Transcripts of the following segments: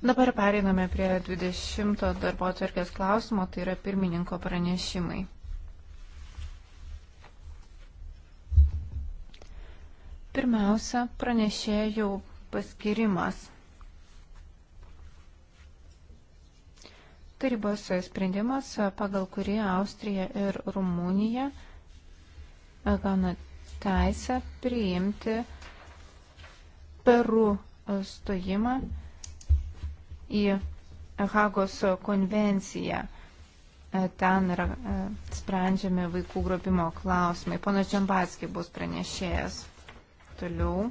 Dabar pereiname prie 20 darbo atverkės klausimo, tai yra pirmininko pranešimai. Pirmiausia, pranešėjų paskirimas. Tarybos sprendimas, pagal kurį Austrija ir Rumunija gauna teisę priimti Peru stojimą į Hagos konvenciją. Ten yra e, sprendžiami vaikų grobimo klausimai. Ponas Džambatski bus pranešėjęs. Toliau.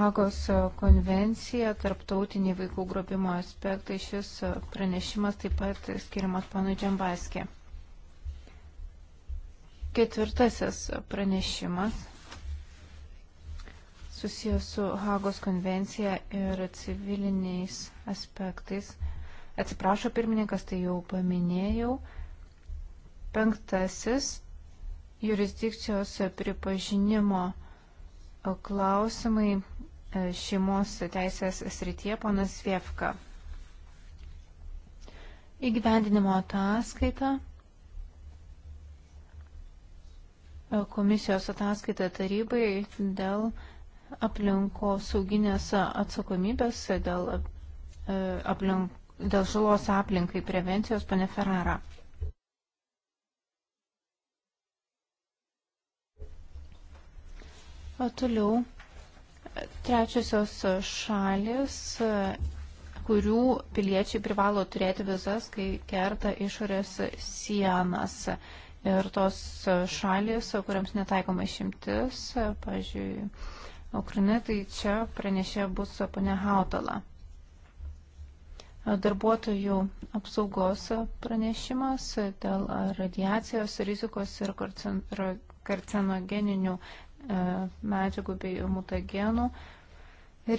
Hagos konvencija, tarptautiniai vaikų grobimo aspektai, šis pranešimas taip pat skiriamas panui Džambaskė. Ketvirtasis pranešimas susijęs su Hagos konvencija ir civiliniais aspektais. Atsiprašo pirmininkas, tai jau paminėjau. Penktasis jurisdikcijos pripažinimo klausimai e, šeimos teisės srityje ponas Vievka. Įgyvendinimo ataskaita. E, komisijos ataskaita tarybai dėl aplinkosauginės atsakomybės dėl, e, aplink, dėl žalos aplinkai prevencijos, pane Ferrara. O toliau trečiosios šalis, kurių piliečiai privalo turėti vizas, kai kerta išorės sienas. Ir tos šalis, kuriams netaikoma išimtis, pažiūrėjau, Ukraina, tai čia pranešė bus pane Hautala. Darbuotojų apsaugos pranešimas dėl radiacijos rizikos ir karcinogeninių e, medžiagų bei mutagenų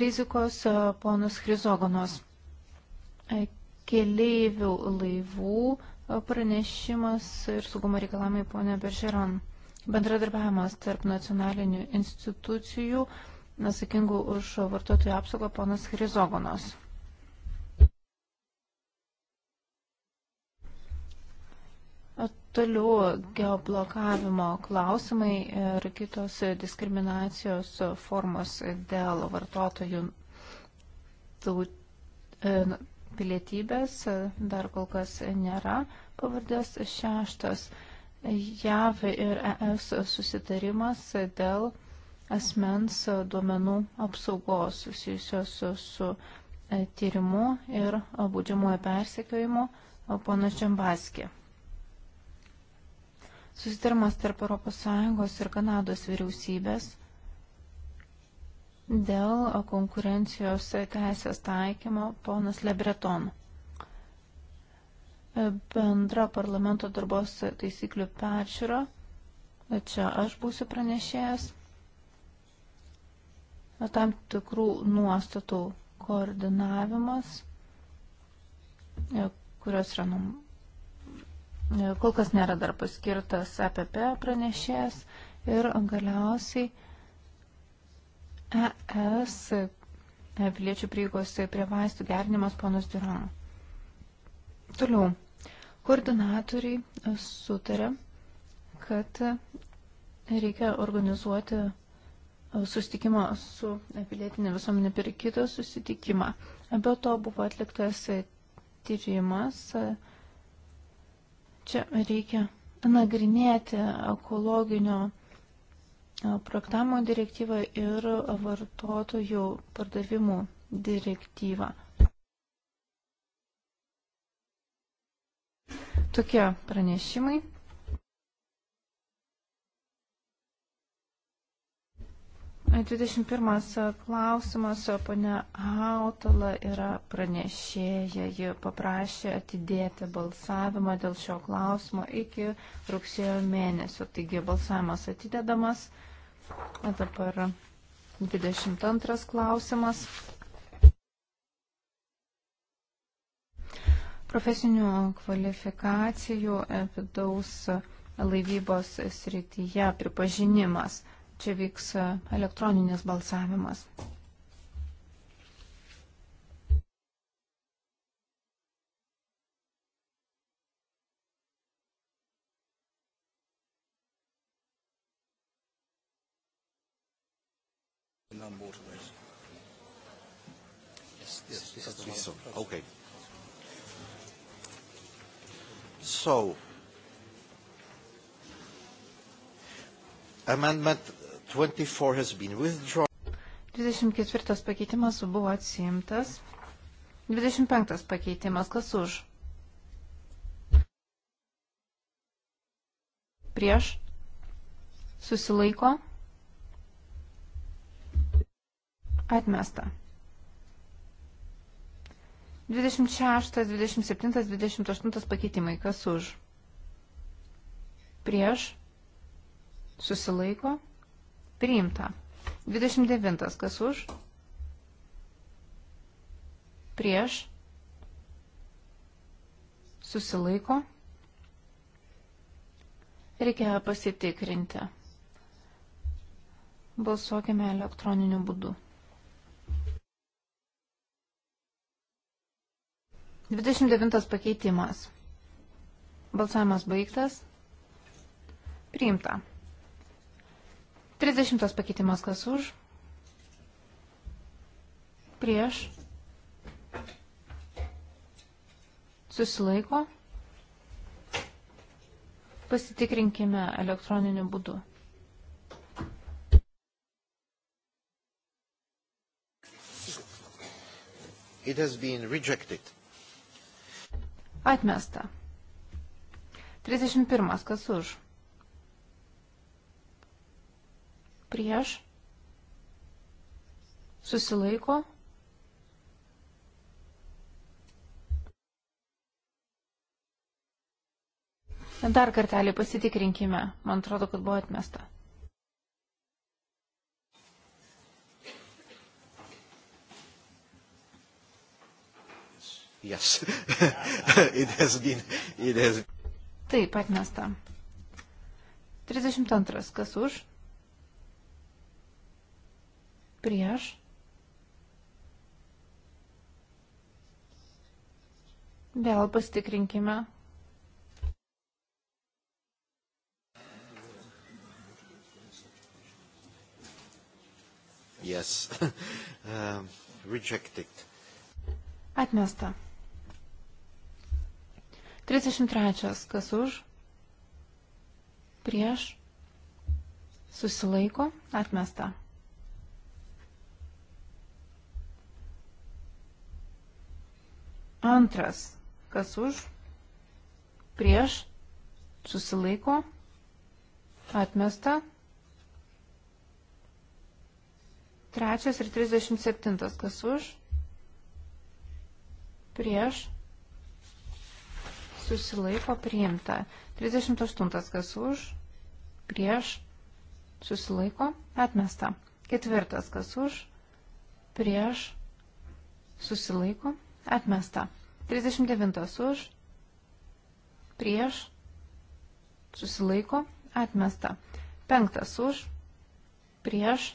rizikos e, ponus Krizogonos. E, keleivių laivų pranešimas ir saugumo reikalavimai ponė Beržeron. Bendradarbiavimas tarp nacionalinių institucijų, nesakingų už vartotojų apsaugą, ponas Hrizogonas. Toliau geoblokavimo klausimai ir kitos diskriminacijos formos dėl vartotojų taut, e, pilietybės dar kol kas nėra pavardės šeštas. JAV ir ES susitarimas dėl asmens duomenų apsaugos susijusios su e, tyrimu ir e, būdžiamuoju persekiojimu e, ponas Džambaskė. Susitarimas tarp ES ir Kanados vyriausybės dėl konkurencijos teisės taikymo ponas Lebreton bendra parlamento darbos taisyklių peržiūra. Čia aš būsiu pranešėjęs. Tam tikrų nuostatų koordinavimas, e, kurios yra, e, kol kas nėra dar paskirtas APP e pranešėjas ir galiausiai ES piliečių prieigos prie vaistų gerinimas ponus Durano. Toliau. Koordinatoriai e, sutarė, kad e, reikia organizuoti e, susitikimą su pilietinė visuomenė per kitą susitikimą. Be to buvo atliktas tyrimas. Čia reikia nagrinėti ekologinio projektavimo direktyvą ir vartotojų pardavimų direktyvą. Tokie pranešimai. A, 21 klausimas, ponia Hautala yra pranešėja, ji paprašė atidėti balsavimą dėl šio klausimo iki rugsėjo mėnesio, taigi balsavimas atidedamas. A, dabar 22 klausimas. profesinių kvalifikacijų vidaus laivybos srityje pripažinimas. Čia vyks elektroninis balsavimas. So, amendment 24 has been withdrawn. 24 pakeitimas buvo atsiimtas. 25 pakeitimas, kas už? Prieš? Susilaiko? Atmesta. 26, 27, 28 pakeitimai. Kas už? Prieš? Susilaiko? Priimta. 29. Kas už? Prieš? Susilaiko? Reikia pasitikrinti. Balsuokime elektroniniu būdu. 29 pakeitimas. Balsavimas baigtas. Priimta. 30 pakeitimas kas už. Prieš. Susilaiko. Pasitikrinkime elektroniniu būdu. It has been rejected. Atmesta. 31. Kas už? Prieš. Susilaiko. Dar kartelį pasitikrinkime. Man atrodo, kad buvo atmesta. Yes. it has been. It has... Taip, atmesta. 32. Kas už? Prieš. Vėl pasitikrinkime. Yes. um, rejected. Atmesta. 33. Kas už? Prieš? Susilaiko? Atmesta. Antras. Kas už? Prieš? Susilaiko? Atmesta. Trečias ir 37. Kas už? Prieš? susilaiko priimta. 38 kas už, prieš, susilaiko atmesta. Ketvirtas kas už, prieš, susilaiko atmesta. 39 už, prieš, susilaiko atmesta. Penktas už, prieš,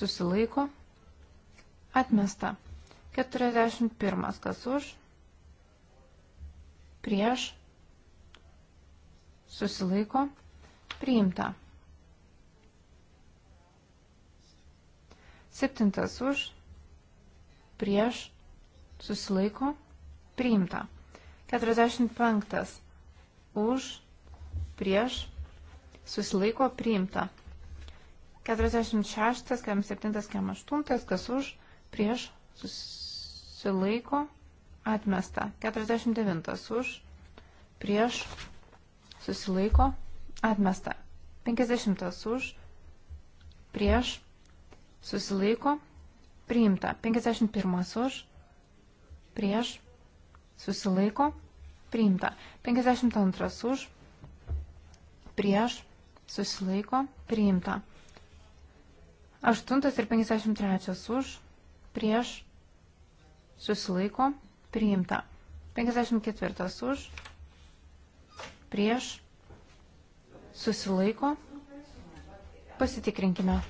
susilaiko atmesta. 41 kas už, prieš prieš, susilaiko, priimta. Septintas už, prieš, susilaiko, priimta. 45. Už, prieš, susilaiko, priimta. 46, 47, 48, kas už, prieš, susilaiko, Atmesta. 49 už. Prieš. Susilaiko. Atmesta. 50 už. Prieš. Susilaiko. Priimta. 51 už. Prieš. Susilaiko. Priimta. 52 už. Prieš. Susilaiko. Priimta. 8 ir 53 už, prieš, susilaiko, priimta. 54 už, prieš, susilaiko, pasitikrinkime.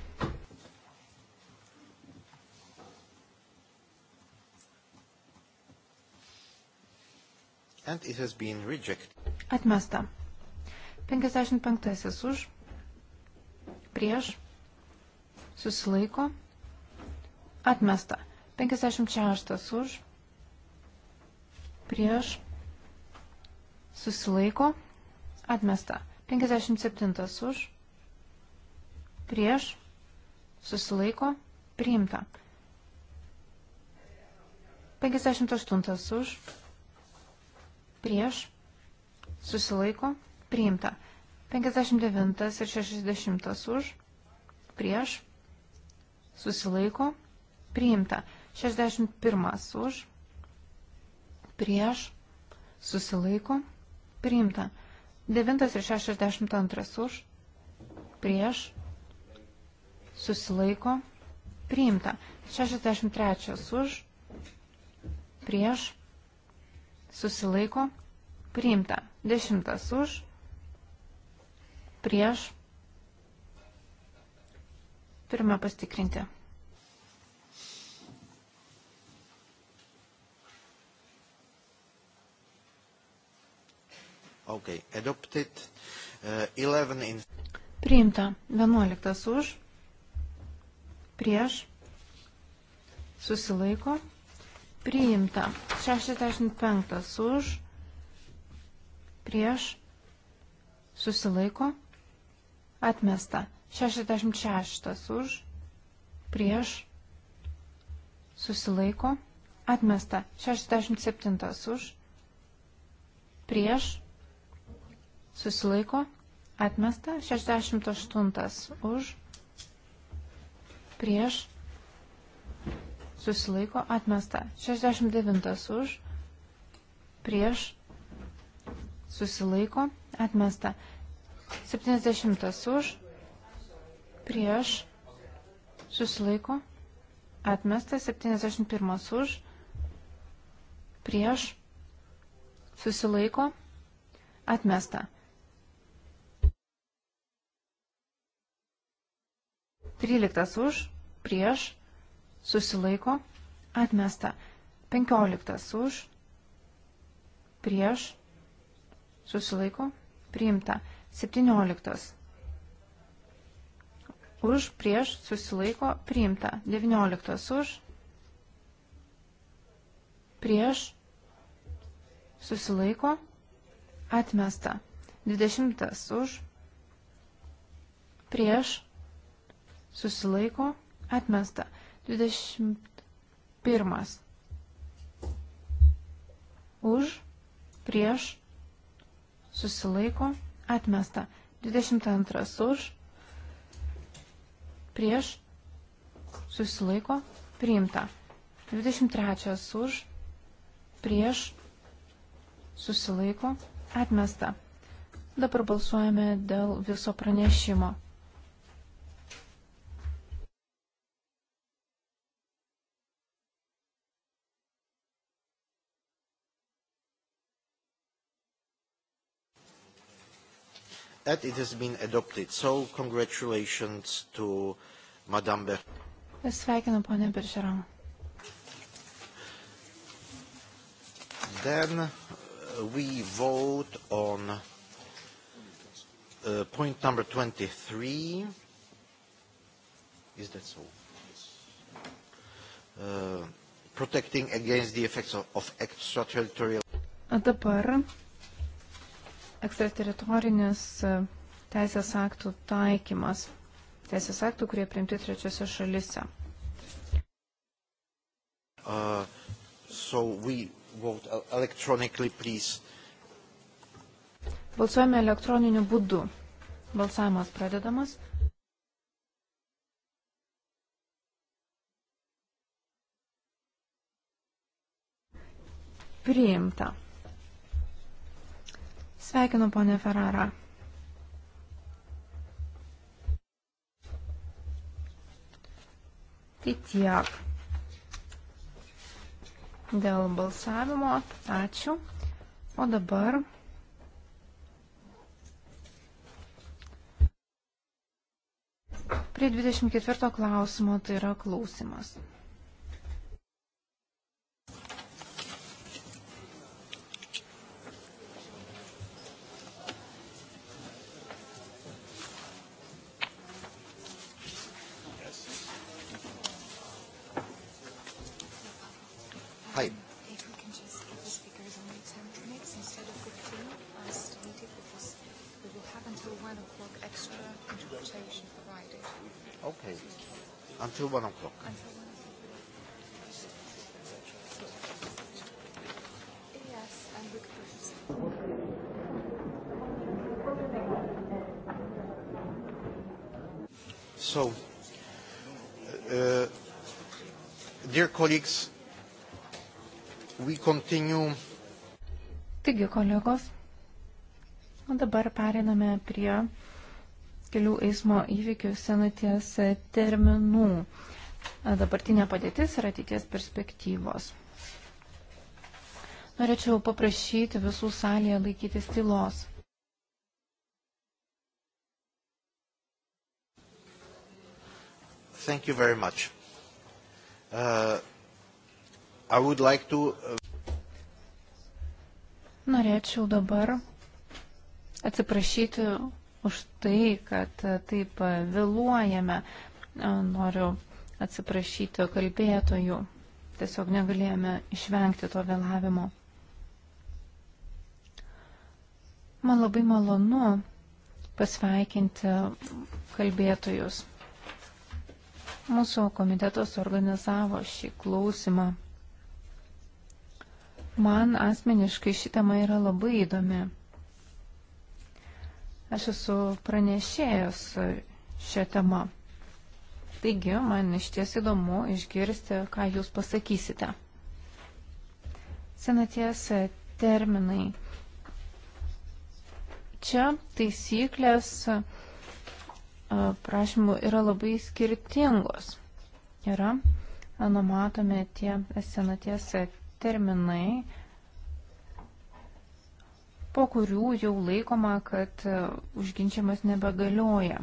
Atmesta. 55 už, prieš, susilaiko, atmesta. 56 už, prieš, susilaiko, atmesta. 57 už, prieš, susilaiko, priimta. 58 už, prieš, susilaiko, priimta. 59 ir 60 už, prieš, susilaiko, priimta. 61 už, prieš, susilaiko, priimta. 9 ir 62 už, prieš, susilaiko, priimta. 63 už, prieš, susilaiko, priimta. 10 už, prieš, turime pastikrinti. Okay, adopted. Uh, 11 in... Priimta. 11 už. Prieš. Susilaiko. Priimta. 65 už. Prieš. Susilaiko. Atmesta. 66 už. Prieš. Susilaiko. Atmesta. 67 už. Prieš susilaiko, atmesta, 68 už, prieš, susilaiko, atmesta, 69 už, prieš, susilaiko, atmesta, 70 už, prieš, susilaiko, atmesta, 71 už, prieš, susilaiko, atmesta. 13 už, prieš, susilaiko, atmesta. 15 už, prieš, susilaiko, priimta. 17 už, prieš, susilaiko, priimta. 19 už, prieš, susilaiko, atmesta. 20 už, prieš, susilaiko, atmesta. 21. Už, prieš, susilaiko, atmesta. 22. Už, prieš, susilaiko, priimta. 23. Už, prieš, susilaiko, atmesta. Dabar balsuojame dėl viso pranešimo. and it has been adopted. So congratulations to Madame Ber. Sveikinu, ponė Beržeron. Then uh, we vote on uh, point number 23. Is that so? Uh, protecting against the effects of, of extraterritorial. Dabar Ekstrateritorinis e, teisės aktų taikymas. Teisės aktų, kurie priimti trečiose šalise. Uh, so Balsuojame elektroniniu būdu. Balsavimas pradedamas. Priimta. Sveikinu, ponė Ferrara. Tai tiek. Dėl balsavimo. Ačiū. O dabar. Prie 24 klausimo tai yra klausimas. colleagues, we continue. Taigi, kolegos, dabar periname prie kelių eismo įvykių senaties terminų. Dabartinė padėtis ir ateities perspektyvos. Norėčiau paprašyti visų salėje laikytis tylos. Thank you very much. Uh, like to... Uh, Norėčiau dabar atsiprašyti už tai, kad uh, taip uh, vėluojame. Noriu atsiprašyti kalbėtojų. Tiesiog negalėjome išvengti to vėlavimo. Man labai malonu pasveikinti kalbėtojus. Mūsų komitetas organizavo šį klausimą Man asmeniškai ši tema yra labai įdomi. Aš esu pranešėjęs šią temą. Taigi, man iš ties įdomu išgirsti, ką jūs pasakysite. Senaties terminai. Čia taisyklės prašymų yra labai skirtingos. Yra numatomi tie senaties terminai, po kurių jau laikoma, kad e, užginčiamas nebegalioja.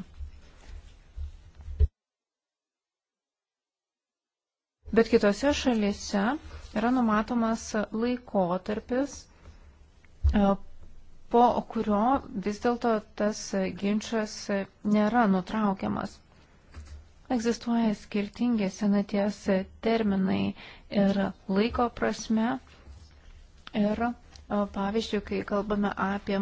Bet kitose šalise yra numatomas laikotarpis, e, po kurio vis dėlto tas ginčas nėra nutraukiamas egzistuoja skirtingi senaties terminai ir laiko prasme. Ir e, pavyzdžiui, kai kalbame apie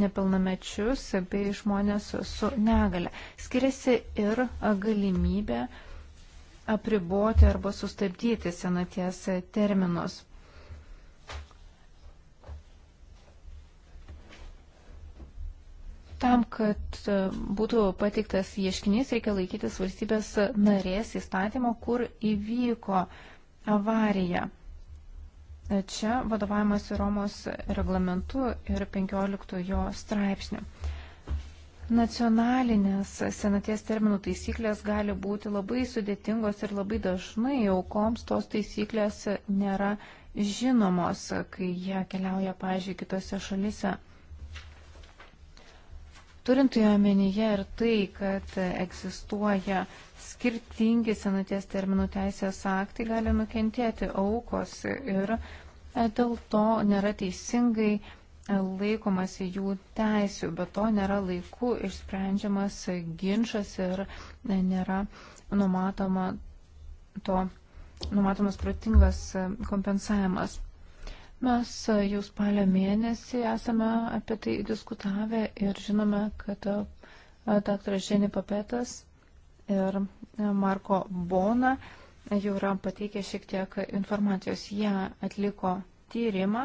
nepilnamečius bei žmonės su negale, skiriasi ir galimybė apriboti arba sustabdyti senaties terminus. Tam, kad e, būtų pateiktas ieškinys, reikia laikytis valstybės narės įstatymo, kur įvyko avarija. E, čia vadovavimas Romos reglamentu ir 15 jo straipsniu. Nacionalinės senaties terminų taisyklės gali būti labai sudėtingos ir labai dažnai aukoms tos taisyklės nėra žinomos, kai jie keliauja, pažiūrėjau, kitose šalise. Turint tai omenyje ir tai, kad egzistuoja skirtingi senaties terminų teisės aktai, gali nukentėti aukos ir e, dėl to nėra teisingai e, laikomasi jų teisių, bet to nėra laiku išsprendžiamas ginčas ir e, nėra numatoma to numatomas protingas kompensavimas. Mes jau spalio mėnesį esame apie tai diskutavę ir žinome, kad e, dr. Ženi Papetas ir e, Marko Bona jau yra pateikę šiek tiek informacijos. Jie atliko tyrimą,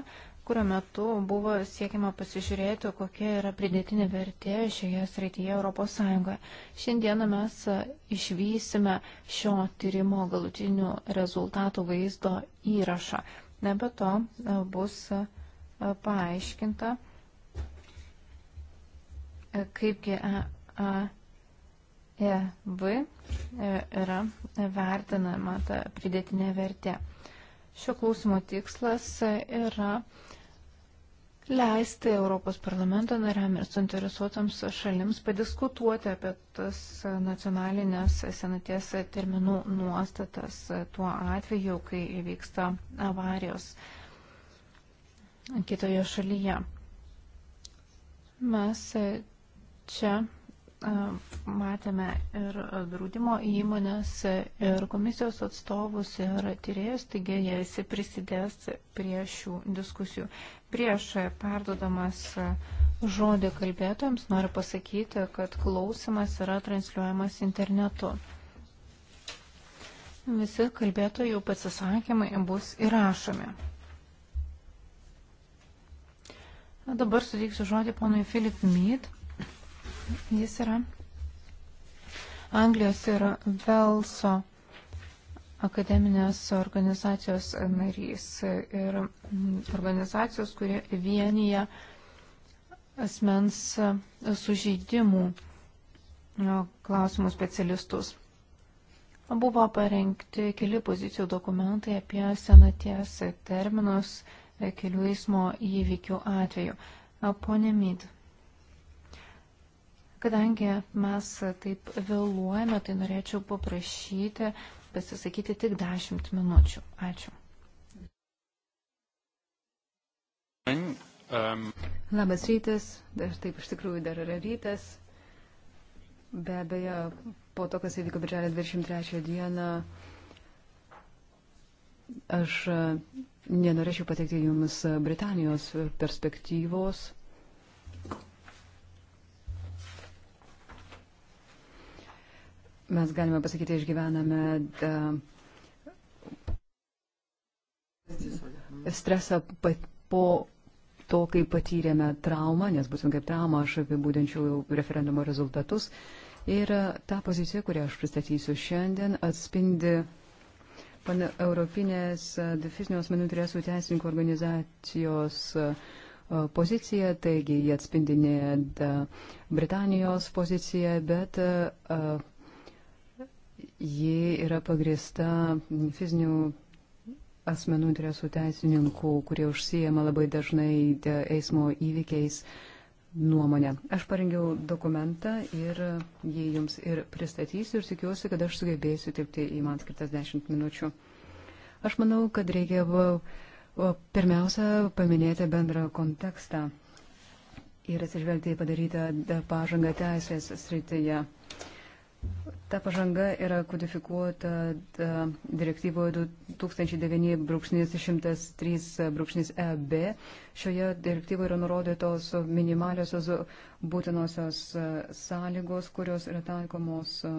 kurio metu buvo siekiama pasižiūrėti, kokia yra pridėtinė vertė šioje srityje ES. Šiandieną mes e, išvysime šio tyrimo galutinių rezultatų vaizdo įrašą. Be to e, bus e, paaiškinta, e, kaipgi EV yra vertinama ta pridėtinė vertė. Šio klausimo tikslas yra leisti Europos parlamento nariam ir suinteresuotams šalims padiskutuoti apie tas nacionalinės senaties terminų nuostatas tuo atveju, kai įvyksta avarijos kitoje šalyje. Mes čia Matėme ir draudimo įmonės, ir komisijos atstovus, ir tyrėjus, taigi jie visi prisidės prie šių diskusijų. Prieš perdodamas žodį kalbėtojams noriu pasakyti, kad klausimas yra transliuojamas internetu. Visi kalbėtojų pasisakymai bus įrašomi. Dabar suteiksiu žodį ponui Filip Mead Jis yra Anglijos ir Velso akademinės organizacijos narys ir mm, organizacijos, kurie vienyje asmens sužeidimų klausimų specialistus. Buvo parengti keli pozicijų dokumentai apie senaties terminus e, kelių eismo įvykių atveju. Pone Mid. Kadangi mes taip vėluojame, tai norėčiau paprašyti pasisakyti tik 10 minučių. Ačiū. Labas rytas, dar taip iš tikrųjų dar yra rytas. Be abejo, po to, kas įvyko birželio 23 dieną, aš nenorėčiau pateikti jums Britanijos perspektyvos mes galime pasakyti, išgyvename stresą po to, kai patyrėme traumą, nes būtent kaip traumą aš apibūdinčiau referendumo rezultatus. Ir ta pozicija, kurią aš pristatysiu šiandien, atspindi Europinės fizinio asmenų interesų teisininkų organizacijos poziciją, taigi jie atspindinė Britanijos poziciją, bet ji yra pagrįsta fizinių asmenų interesų teisininkų, kurie užsijama labai dažnai eismo įvykiais nuomonę. Aš parengiau dokumentą ir jį jums ir pristatysiu ir tikiuosi, kad aš sugebėsiu tilpti į man skirtas 10 minučių. Aš manau, kad reikia pirmiausia paminėti bendrą kontekstą ir atsižvelgti į padarytą pažangą teisės srityje. Ta pažanga yra kodifikuota direktyvoje 2009-103-EB. E, Šioje direktyvoje yra nurodytos minimaliosios būtinosios e, sąlygos, kurios yra taikomos e,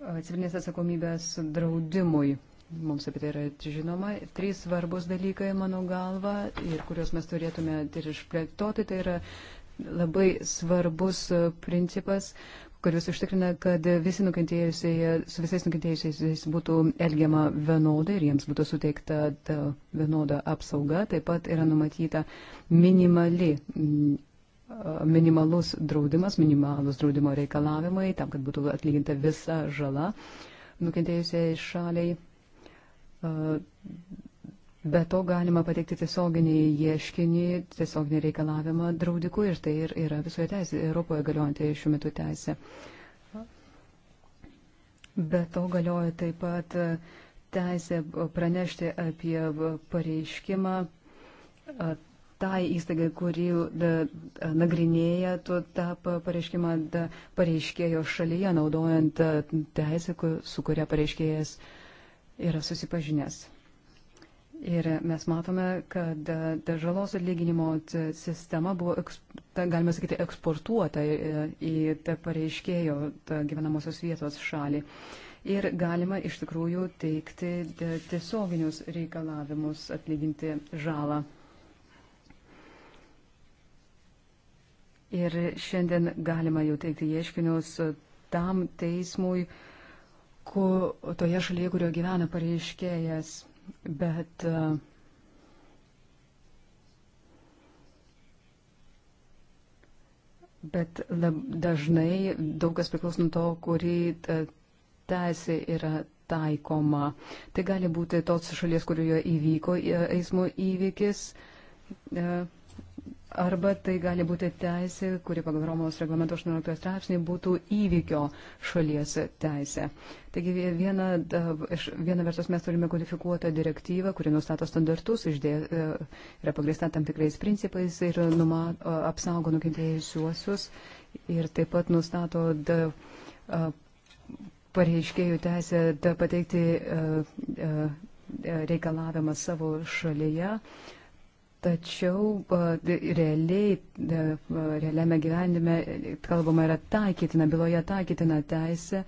civilinės atsakomybės draudimui. Mums apie tai yra žinoma. Trys svarbus dalykai, mano galva, ir kuriuos mes turėtume ir išplėtoti, tai yra labai svarbus principas. Uh, kuris užtikrina, kad visi su visais nukentėjusiais būtų elgiama vienodai ir jiems būtų suteikta vienoda apsauga. Taip pat yra numatyta minimali mm, minimalus draudimas, minimalus draudimo reikalavimai, tam, kad būtų atlyginta visa žala nukentėjusiai šaliai. Be to galima pateikti tiesioginį ieškinį, tiesioginį reikalavimą draudikų ir tai ir yra visoje teisė, Europoje galiojanti šiuo metu teisė. Be to galioja taip pat teisė pranešti apie pareiškimą tai įstaigai, kuri nagrinėja tą pareiškimą pareiškėjo šalyje, naudojant teisę, su kuria pareiškėjas yra susipažinęs. Ir mes matome, kad e, žalos atlyginimo sistema buvo, galima sakyti, eksportuota e, į pareiškėjo gyvenamosios vietos šalį. Ir galima iš tikrųjų teikti e, tiesioginius reikalavimus atlyginti žalą. Ir šiandien galima jau teikti ieškinius tam teismui, ku, toje šalyje, kurio gyvena pareiškėjas bet e, Bet lab, dažnai daug kas priklauso nuo to, kuri e, teisė yra taikoma. Tai gali būti tos šalies, kurioje įvyko e, eismo įvykis. E, Arba tai gali būti teisė, kuri pagal Romos reglamento 18 straipsnį būtų įvykio šalies teisė. Taigi viena, viena vertus mes turime kodifikuotą direktyvą, kuri nustato standartus, išdė, e, yra pagrįsta tam tikrais principais ir numa, apsaugo nukentėjusiuosius ir taip pat nustato da, pareiškėjų teisę da, pateikti e, e, reikalavimą savo šalyje. Uh, Tačiau realiai, realiame gyvenime e, kalbama yra taikytina, byloje taikytina teisė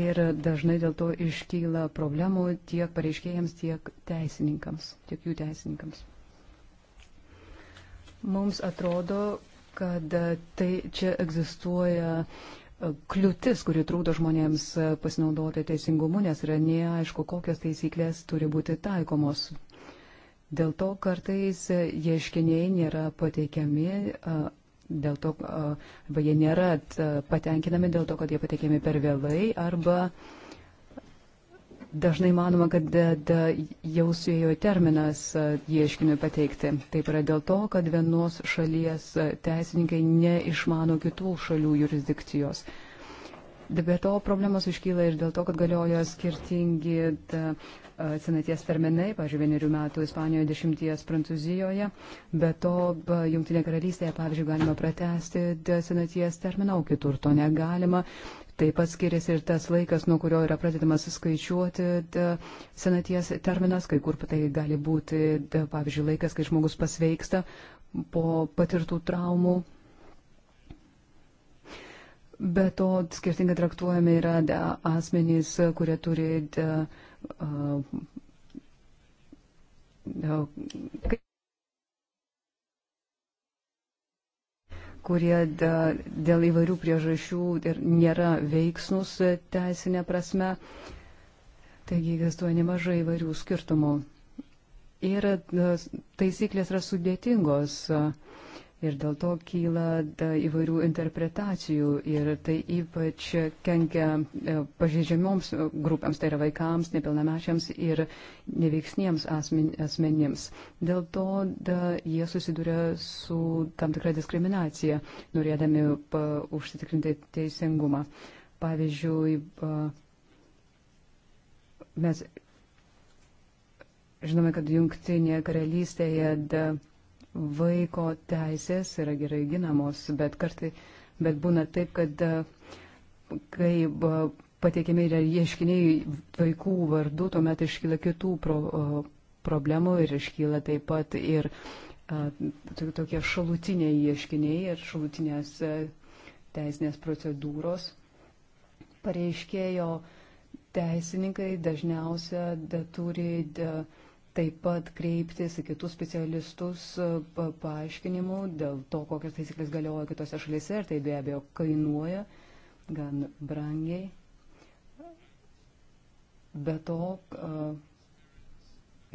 ir dažnai dėl to iškyla problemų tiek pareiškėjams, tiek teisininkams, tiek jų teisininkams. Mums atrodo, kad tai čia egzistuoja kliūtis, kuri trūdo žmonėms pasinaudoti teisingumu, nes yra neaišku, kokios taisyklės turi būti taikomos Dėl to kartais ieškiniai nėra pateikiami, dėl to, arba jie nėra patenkinami dėl to, kad jie pateikiami per vėlai, arba dažnai manoma, kad da, da, jau suėjo terminas ieškiniui pateikti. Taip yra dėl to, kad vienos šalies teisininkai neišmano kitų šalių jurisdikcijos. Be to problemos iškyla ir dėl to, kad galiojo skirtingi senaties terminai, pažiūrėjau, vienerių metų Ispanijoje, dešimties Prancūzijoje. Be to, Junktinė karalystėje, pavyzdžiui, galima pratesti senaties terminą, o kitur to negalima. Taip pat skiriasi ir tas laikas, nuo kurio yra pradedamas skaičiuoti senaties terminas, kai kur tai gali būti, pavyzdžiui, laikas, kai žmogus pasveiksta po patirtų traumų Be to, skirtingai traktuojami yra asmenys, kurie turi da, da, kurie da, dėl įvairių priežasčių ir nėra veiksnus teisinė prasme. Taigi egzistuoja nemažai įvairių skirtumų. Ir taisyklės yra sudėtingos. Ir dėl to kyla įvairių interpretacijų ir tai ypač kenkia e, pažeidžiamioms e, grupėms, tai yra vaikams, nepilnamečiams ir neveiksniems asmen, asmenims. Dėl to da, jie susiduria su tam tikra diskriminacija, norėdami pa, užsitikrinti teisingumą. Pavyzdžiui, pa, mes žinome, kad jungtinėje karalystėje da, vaiko teisės yra gerai ginamos, bet kartai, bet būna taip, kad e, kai e, pateikiami yra ieškiniai vaikų vardu, tuomet iškyla kitų pro, e, problemų ir iškyla taip pat ir a, tokie šalutiniai ieškiniai ir šalutinės a, teisinės procedūros. Pareiškėjo teisininkai dažniausia da, turi da, taip pat kreiptis į kitus specialistus e, paaiškinimų dėl to, kokios taisyklės galioja kitose šalyse ir tai be abejo kainuoja gan brangiai. Be to, e,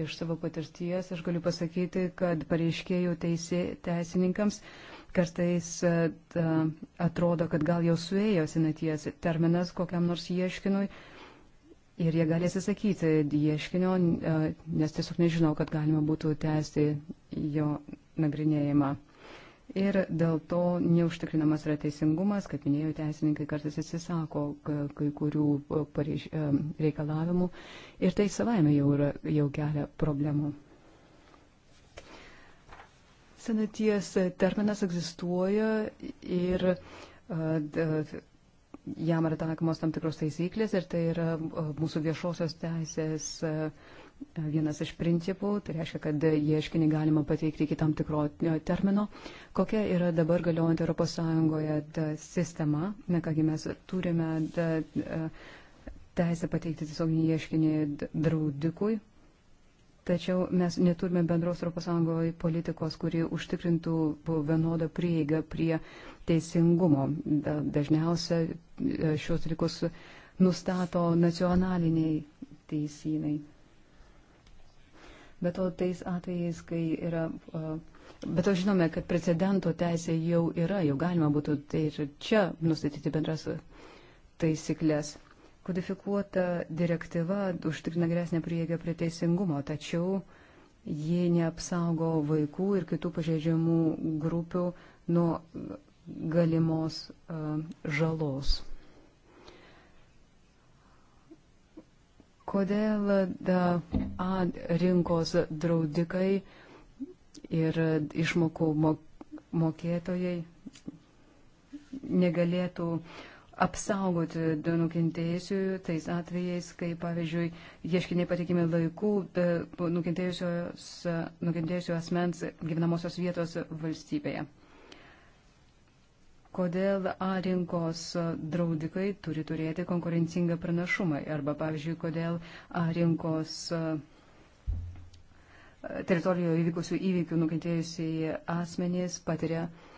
iš savo patirties aš galiu pasakyti, kad pareiškėjų teisė, teisininkams kartais e, atrodo, kad gal jau suėjo senaties terminas kokiam nors ieškinui Ir jie gali atsisakyti ieškinio, nes tiesiog nežinau, kad galima būtų tęsti jo nagrinėjimą. Ir dėl to neužtikrinamas yra teisingumas, kaip minėjau, teisininkai kartais atsisako kai kurių pareiž... reikalavimų ir tai savaime jau, yra, jau kelia problemų. Senaties terminas egzistuoja ir jam yra taikomos tam tikros taisyklės ir tai yra e, mūsų viešosios teisės e, vienas iš principų. Tai reiškia, kad ieškinį galima pateikti iki tam tikro e, termino. Kokia yra dabar galiojanti ES sistema? Na kągi mes turime teisę pateikti tiesioginį ieškinį draudikui Tačiau mes neturime bendros ES politikos, kuri užtikrintų vienodą prieigą prie teisingumo. Dažniausia e, šios dalykus nustato nacionaliniai teisynai. Bet to tais atvejais, kai yra. E, Bet to žinome, kad precedento teisė jau yra, jau galima būtų tai ir čia nustatyti bendras taisyklės kodifikuota direktyva užtikrina geresnę prieigą prie teisingumo, tačiau ji neapsaugo vaikų ir kitų pažeidžiamų grupių nuo galimos uh, žalos. Kodėl da, e, A rinkos draudikai ir išmokų mokėtojai negalėtų uh, apsaugoti nukentėjusiųjų tais atvejais, kai, pavyzdžiui, ieškiniai patikimi laikų e, nukentėjusio e, asmens gyvenamosios vietos valstybėje. Kodėl A rinkos draudikai turi turėti konkurencingą pranašumą arba, pavyzdžiui, kodėl A rinkos e, teritorijoje įvykusių įvykių nukentėjusiai asmenys patiria uh,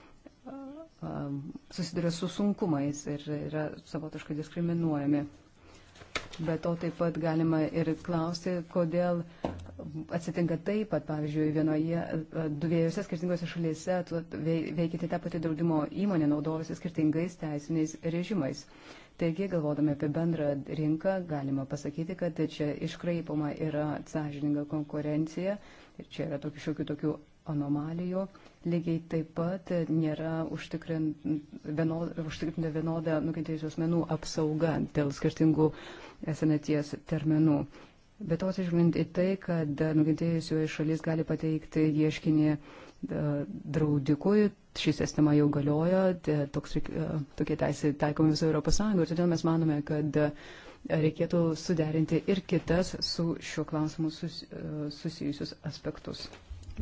Um, susiduria su sunkumais ir yra savotiškai diskriminuojami. Bet to taip pat galima ir klausti, kodėl atsitinka taip pat, pavyzdžiui, vienoje, uh, dviejose skirtingose šalyse veikite tą patį draudimo įmonę, naudojasi skirtingais teisiniais režimais. Taigi, galvodami apie bendrą rinką, galima pasakyti, kad čia iškraipoma yra sąžininga konkurencija ir čia yra tokių šiokių tokių anomalijų. Lygiai taip pat nėra užtikrinta vienoda nukentėjusių asmenų apsauga dėl skirtingų senaties terminų. Bet to atsižvelgiant į tai, kad nukentėjusioji šalis gali pateikti ieškinį e, draudikui, ši sistema jau galiojo, toks, e, tokie teisai taikomi visoje Europos Sąjungoje ir todėl mes manome, kad e, reikėtų suderinti ir kitas su šiuo klausimu sus, susijusius aspektus.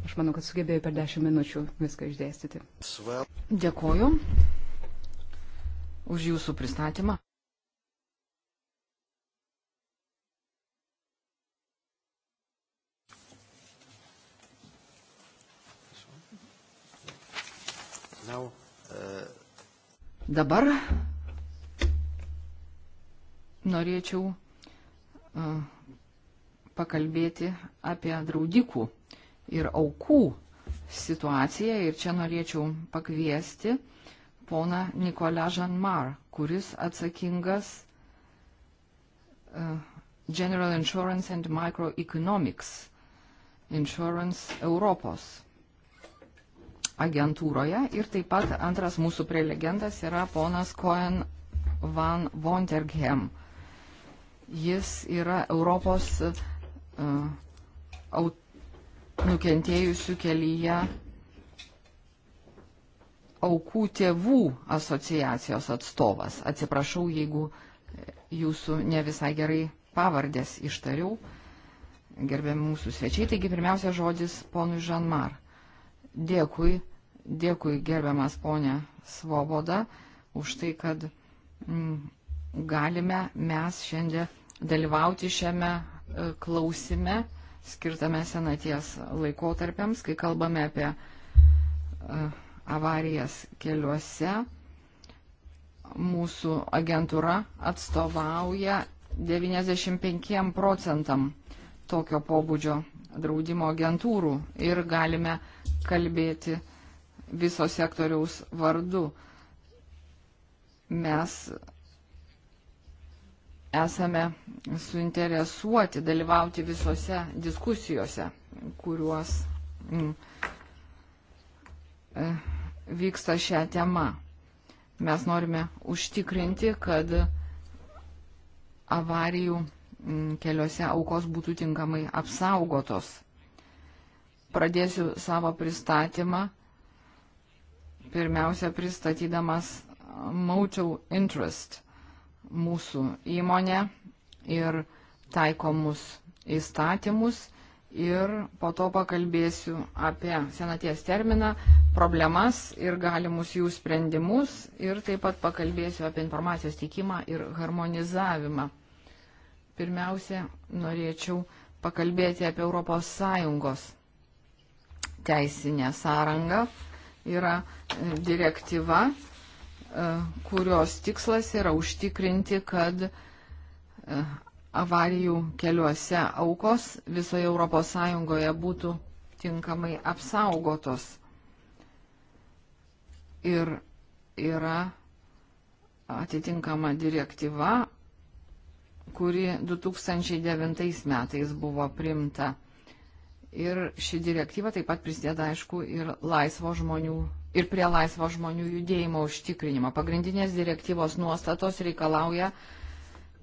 Aš manau, kad sugebėjau per dešimt minučių viską išdėstyti. Dėkoju už jūsų pristatymą. Now, uh... Dabar norėčiau uh, pakalbėti apie draudikų ir aukų situaciją. Ir čia norėčiau pakviesti pona Nikola Žanmar, kuris atsakingas uh, General Insurance and Microeconomics Insurance Europos agentūroje. Ir taip pat antras mūsų prelegentas yra ponas Cohen van Wonterghem. Jis yra Europos uh, aut nukentėjusių kelyje aukų tėvų asociacijos atstovas. Atsiprašau, jeigu jūsų ne visai gerai pavardės ištariau, gerbiami mūsų svečiai. Taigi pirmiausia žodis ponui Žanmar. Dėkui, dėkui gerbiamas ponė Svoboda už tai, kad m, mm, galime mes šiandien dalyvauti šiame e, klausime skirtame senaties laikotarpiams, kai kalbame apie e, avarijas keliuose. Mūsų agentūra atstovauja 95 procentam tokio pobūdžio draudimo agentūrų ir galime kalbėti viso sektoriaus vardu. Mes esame suinteresuoti dalyvauti visose diskusijose, kuriuos mm, e, vyksta šią temą. Mes norime užtikrinti, kad avarijų mm, keliuose aukos būtų tinkamai apsaugotos. Pradėsiu savo pristatymą, pirmiausia pristatydamas Motel Interest – mūsų įmonę ir taikomus įstatymus ir po to pakalbėsiu apie senaties terminą, problemas ir galimus jų sprendimus ir taip pat pakalbėsiu apie informacijos teikimą ir harmonizavimą. Pirmiausia, norėčiau pakalbėti apie ES teisinę sąrangą. Yra direktyva kurios tikslas yra užtikrinti, kad e, avarijų keliuose aukos visoje ES būtų tinkamai apsaugotos. Ir yra atitinkama direktyva, kuri 2009 metais buvo primta. Ir ši direktyva taip pat prisideda, aišku, ir laisvo žmonių ir prie laisvo žmonių judėjimo užtikrinimo. Pagrindinės direktyvos nuostatos reikalauja,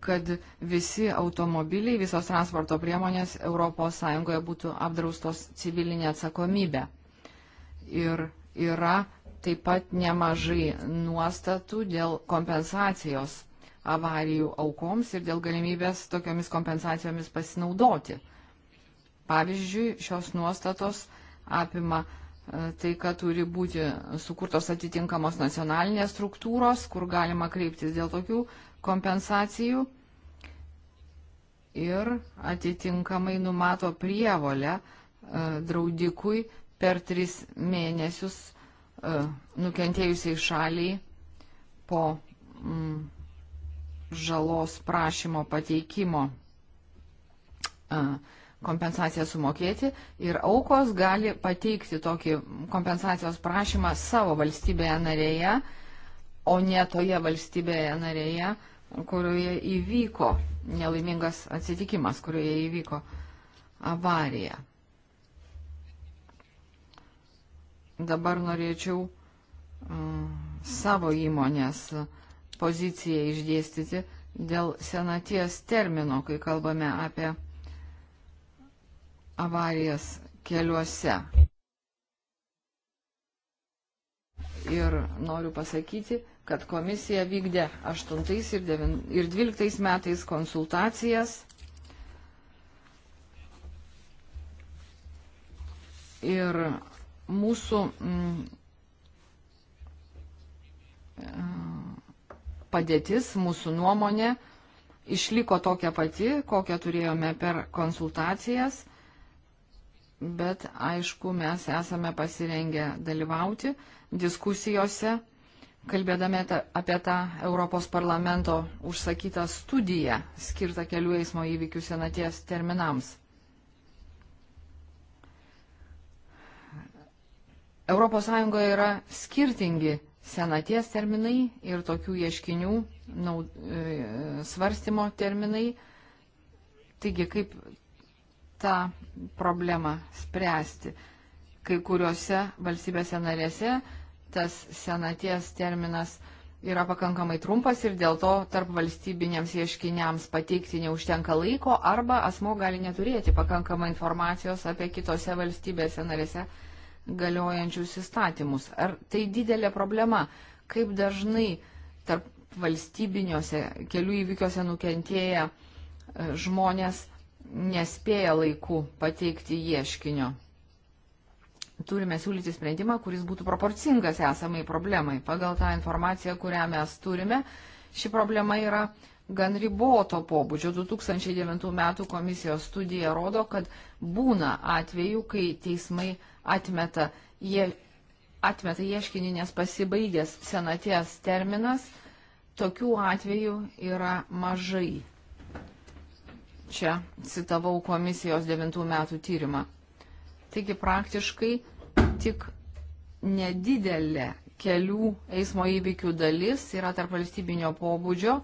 kad visi automobiliai, visos transporto priemonės ES būtų apdraustos civilinė atsakomybė. Ir yra taip pat nemažai nuostatų dėl kompensacijos avarijų aukoms ir dėl galimybės tokiomis kompensacijomis pasinaudoti. Pavyzdžiui, šios nuostatos apima tai, kad turi būti sukurtos atitinkamos nacionalinės struktūros, kur galima kreiptis dėl tokių kompensacijų ir atitinkamai numato prievolę e, draudikui per tris mėnesius e, nukentėjusiai šaliai po mm, žalos prašymo pateikimo. Uh, kompensaciją sumokėti ir aukos gali pateikti tokį kompensacijos prašymą savo valstybėje narėje, o ne toje valstybėje narėje, kurioje įvyko nelaimingas atsitikimas, kurioje įvyko avarija. Dabar norėčiau um, savo įmonės poziciją išdėstyti dėl senaties termino, kai kalbame apie avarijas keliuose. Ir noriu pasakyti, kad komisija vykdė 8 ir, 9, ir 12 metais konsultacijas. Ir mūsų mm, e, padėtis, mūsų nuomonė išliko tokia pati, kokią turėjome per konsultacijas bet aišku, mes esame pasirengę dalyvauti diskusijose, kalbėdami apie tą Europos parlamento užsakytą studiją skirtą kelių eismo įvykių senaties terminams. ES yra skirtingi senaties terminai ir tokių ieškinių naud, e, svarstymo terminai. Taigi, kaip tą problemą spręsti. Kai kuriuose valstybėse narėse tas senaties terminas yra pakankamai trumpas ir dėl to tarp valstybiniams ieškiniams pateikti neužtenka laiko arba asmo gali neturėti pakankamai informacijos apie kitose valstybėse narėse galiojančius įstatymus. Ar tai didelė problema, kaip dažnai tarp valstybiniuose kelių įvykiuose nukentėję e, žmonės nespėja laiku pateikti ieškinio. Turime siūlyti sprendimą, kuris būtų proporcingas esamai problemai. Pagal tą informaciją, kurią mes turime, ši problema yra gan riboto pobūdžio. 2009 metų komisijos studija rodo, kad būna atvejų, kai teismai atmeta, jie, atmeta ieškinį, nes pasibaigęs senaties terminas, tokių atvejų yra mažai. Čia citavau komisijos 9 metų tyrimą. Taigi praktiškai tik nedidelė kelių eismo įvykių dalis yra tarp valstybinio pobūdžio.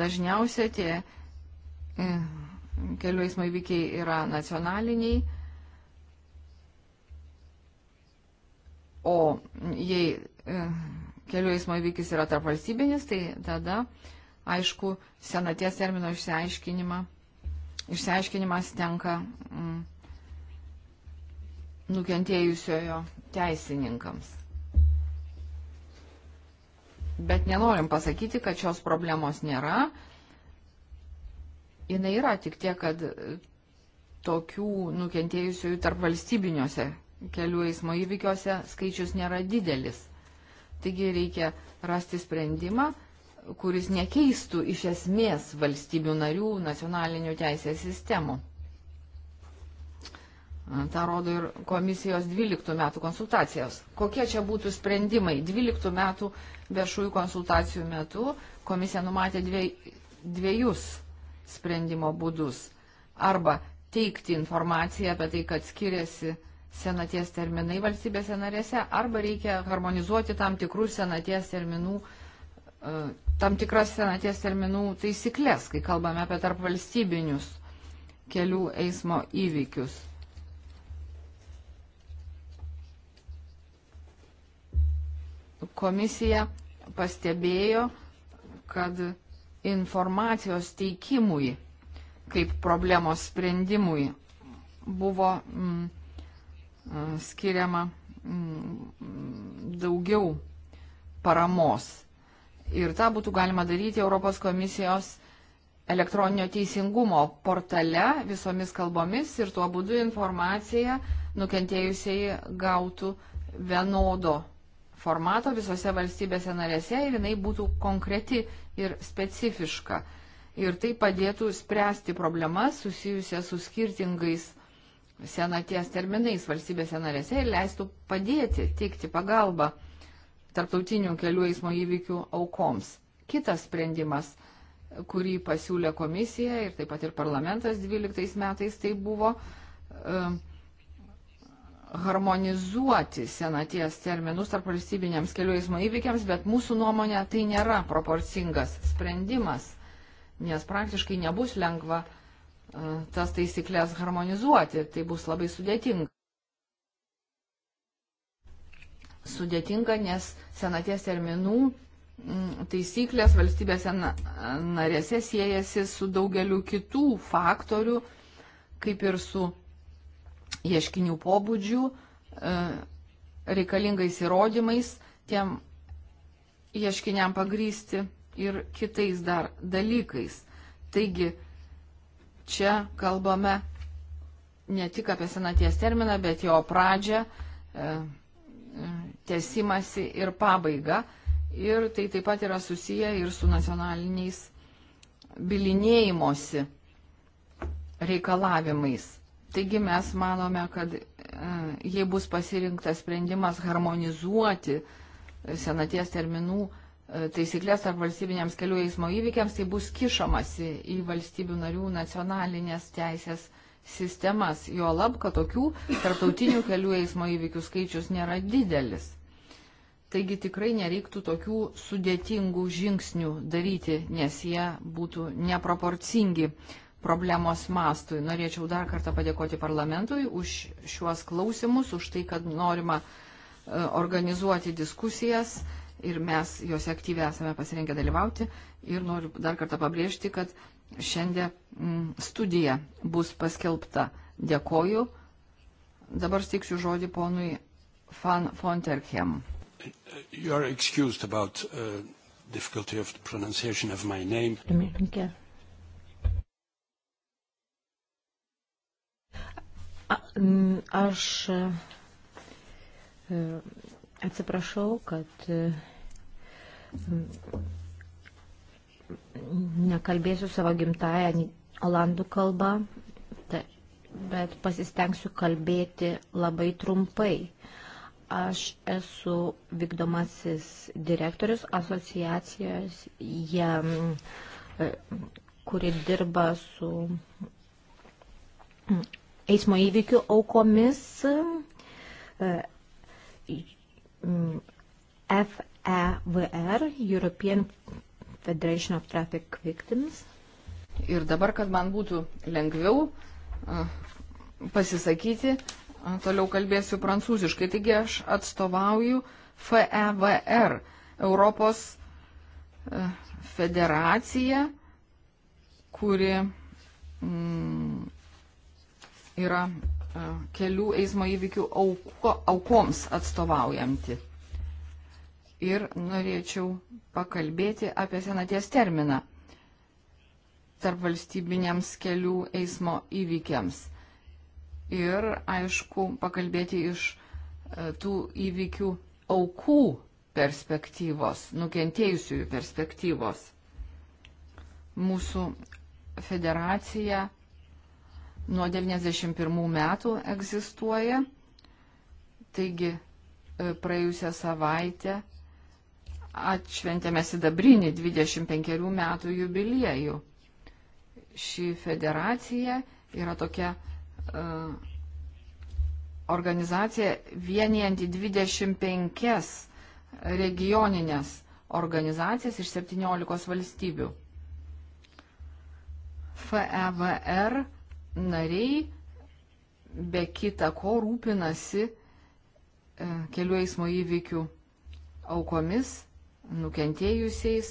Dažniausiai tie e, kelių eismo įvykiai yra nacionaliniai. O jei e, kelių eismo įvykis yra tarp valstybinis, tai tada, aišku, senaties termino išsiaiškinimą išsiaiškinimas tenka mm, nukentėjusiojo teisininkams. Bet nenorim pasakyti, kad šios problemos nėra. Jis yra tik tiek, kad e, tokių nukentėjusiųjų tarp valstybiniuose kelių eismo įvykiuose skaičius nėra didelis. Taigi reikia rasti sprendimą, kuris nekeistų iš esmės valstybių narių nacionalinių teisės sistemų. Ta rodo ir komisijos 12 metų konsultacijos. Kokie čia būtų sprendimai? 12 metų viešųjų konsultacijų metu komisija numatė dviejus sprendimo būdus. Arba teikti informaciją apie tai, kad skiriasi senaties terminai valstybėse narėse, arba reikia harmonizuoti tam tikrų senaties terminų e, tam tikras senaties terminų taisyklės, kai kalbame apie tarp valstybinius kelių eismo įvykius. Komisija pastebėjo, kad informacijos teikimui kaip problemos sprendimui buvo mm, mm skiriama mm, mm, daugiau paramos Ir tą būtų galima daryti Europos komisijos elektroninio teisingumo portale visomis kalbomis ir tuo būdu informacija nukentėjusiai gautų vienodo formato visose valstybėse narėse ir jinai būtų konkreti ir specifiška. Ir tai padėtų spręsti problemas susijusias su skirtingais senaties terminais valstybėse narėse ir leistų padėti teikti pagalbą tarptautinių kelių eismo įvykių aukoms. Kitas sprendimas, kurį pasiūlė komisija ir taip pat ir parlamentas 12 metais, tai buvo um, harmonizuoti senaties terminus tarp valstybiniams kelių eismo įvykiams, bet mūsų nuomonė tai nėra proporcingas sprendimas, nes praktiškai nebus lengva uh, tas taisyklės harmonizuoti, tai bus labai sudėtinga. sudėtinga, nes senaties terminų mm, taisyklės valstybėse narėse siejasi su daugeliu kitų faktorių, kaip ir su ieškinių pobūdžių, e, reikalingais įrodymais, tiem ieškiniam pagrysti ir kitais dar dalykais. Taigi čia kalbame ne tik apie senaties terminą, bet jo pradžią, e, tesimasi ir pabaigą. Ir tai taip pat yra susiję ir su nacionaliniais bilinėjimosi reikalavimais. Taigi mes manome, kad e, jei bus pasirinktas sprendimas harmonizuoti e, senaties terminų e, taisyklės tarp valstybinėms kelių eismo įvykiams, tai bus kišamasi į valstybių narių nacionalinės teisės sistemas, jo lab, kad tokių tarptautinių kelių eismo įvykių skaičius nėra didelis. Taigi tikrai nereiktų tokių sudėtingų žingsnių daryti, nes jie būtų neproporcingi problemos mastui. Norėčiau dar kartą padėkoti parlamentui už šiuos klausimus, už tai, kad norima e, organizuoti diskusijas ir mes juose aktyviai esame pasirengę dalyvauti. Ir noriu dar kartą pabrėžti, kad Šiandien mm, studija bus paskelbta. Dėkoju. Dabar stiksiu žodį ponui Fan Fonterchem. You are excused about uh, difficulty of pronunciation of my name. Pirmininkė. Mm, aš e, atsiprašau, kad e, nekalbėsiu savo gimtają olandų kalbą, bet pasistengsiu kalbėti labai trumpai. Aš esu vykdomasis direktorius asociacijos, jie, e, kuri dirba su mm, eismo įvykių aukomis. E, mm, FEVR, European Federation of Traffic Victims. Ir dabar, kad man būtų lengviau pasisakyti, toliau kalbėsiu prancūziškai. Taigi aš atstovauju FEVR, Europos federaciją, kuri mm, yra kelių eismo įvykių auko, aukoms atstovaujanti ir norėčiau pakalbėti apie senaties terminą tarp valstybiniams kelių eismo įvykiams. Ir, aišku, pakalbėti iš e, tų įvykių aukų perspektyvos, nukentėjusiųjų perspektyvos. Mūsų federacija nuo 91 metų egzistuoja, taigi e, praėjusią savaitę atšventėme sidabrinį 25 metų jubiliejų. Ši federacija yra tokia uh, organizacija vienijanti 25 regioninės organizacijas iš 17 valstybių. FEVR nariai be kita ko rūpinasi e, kelių eismo įvykių aukomis nukentėjusiais,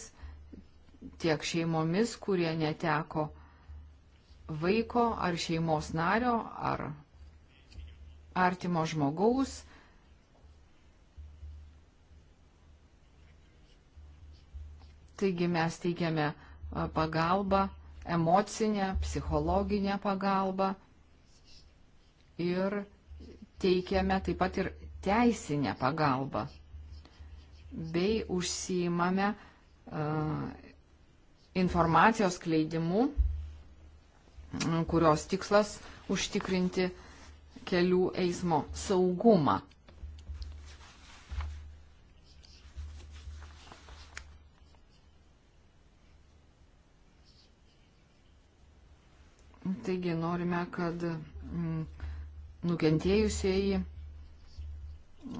tiek šeimomis, kurie neteko vaiko ar šeimos nario ar artimo žmogaus. Taigi mes teikiame pagalbą, emocinę, psichologinę pagalbą ir teikiame taip pat ir teisinę pagalbą bei užsiimame uh, informacijos kleidimu, kurios tikslas užtikrinti kelių eismo saugumą. Taigi norime, kad nukentėjusieji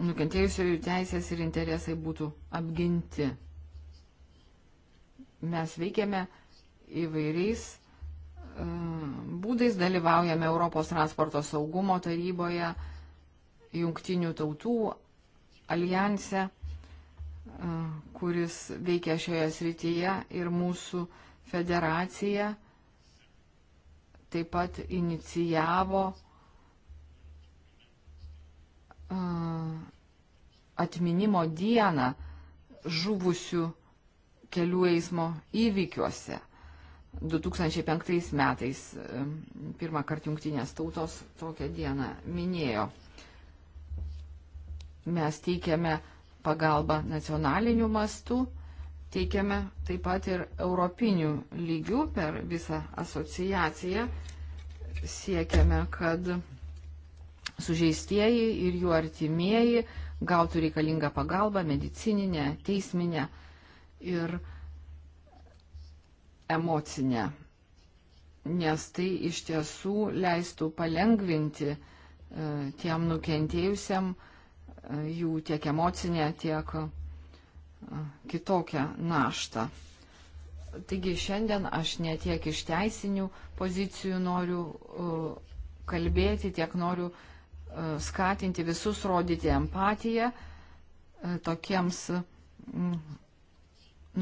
nukentėjusiojų teisės ir interesai būtų apginti. Mes veikiame įvairiais e, būdais, dalyvaujame Europos transporto saugumo taryboje, jungtinių tautų alijanse, e, kuris veikia šioje srityje ir mūsų federacija taip pat inicijavo atminimo dieną žuvusių kelių eismo įvykiuose. 2005 metais pirmą kartą jungtinės tautos tokią dieną minėjo. Mes teikiame pagalbą nacionaliniu mastu, teikiame taip pat ir europinių lygių per visą asociaciją. Siekiame, kad sužeistieji ir jų artimieji gautų reikalingą pagalbą, medicininę, teisminę ir emocinę. Nes tai iš tiesų leistų palengvinti e, tiem nukentėjusiam e, jų tiek emocinę, tiek e, kitokią naštą. Taigi šiandien aš netiek iš teisinių pozicijų noriu kalbėti, tiek noriu uh, skatinti visus rodyti empatiją e, tokiems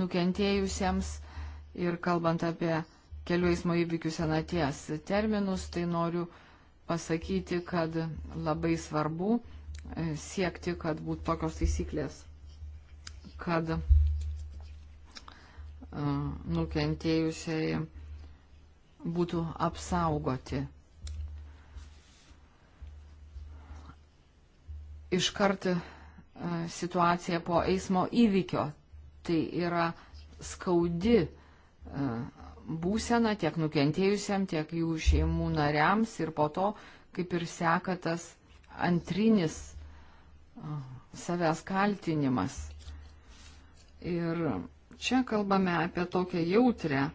nukentėjusiems ir kalbant apie kelių eismo įvykių senaties terminus, tai noriu pasakyti, kad labai svarbu e, siekti, kad būtų tokios taisyklės, kad e, nukentėjusiai būtų apsaugoti. iškart e, situacija po eismo įvykio. Tai yra skaudi e, būsena tiek nukentėjusiam, tiek jų šeimų nariams ir po to, kaip ir seka tas antrinis e, savęs kaltinimas. Ir čia kalbame apie tokią jautrę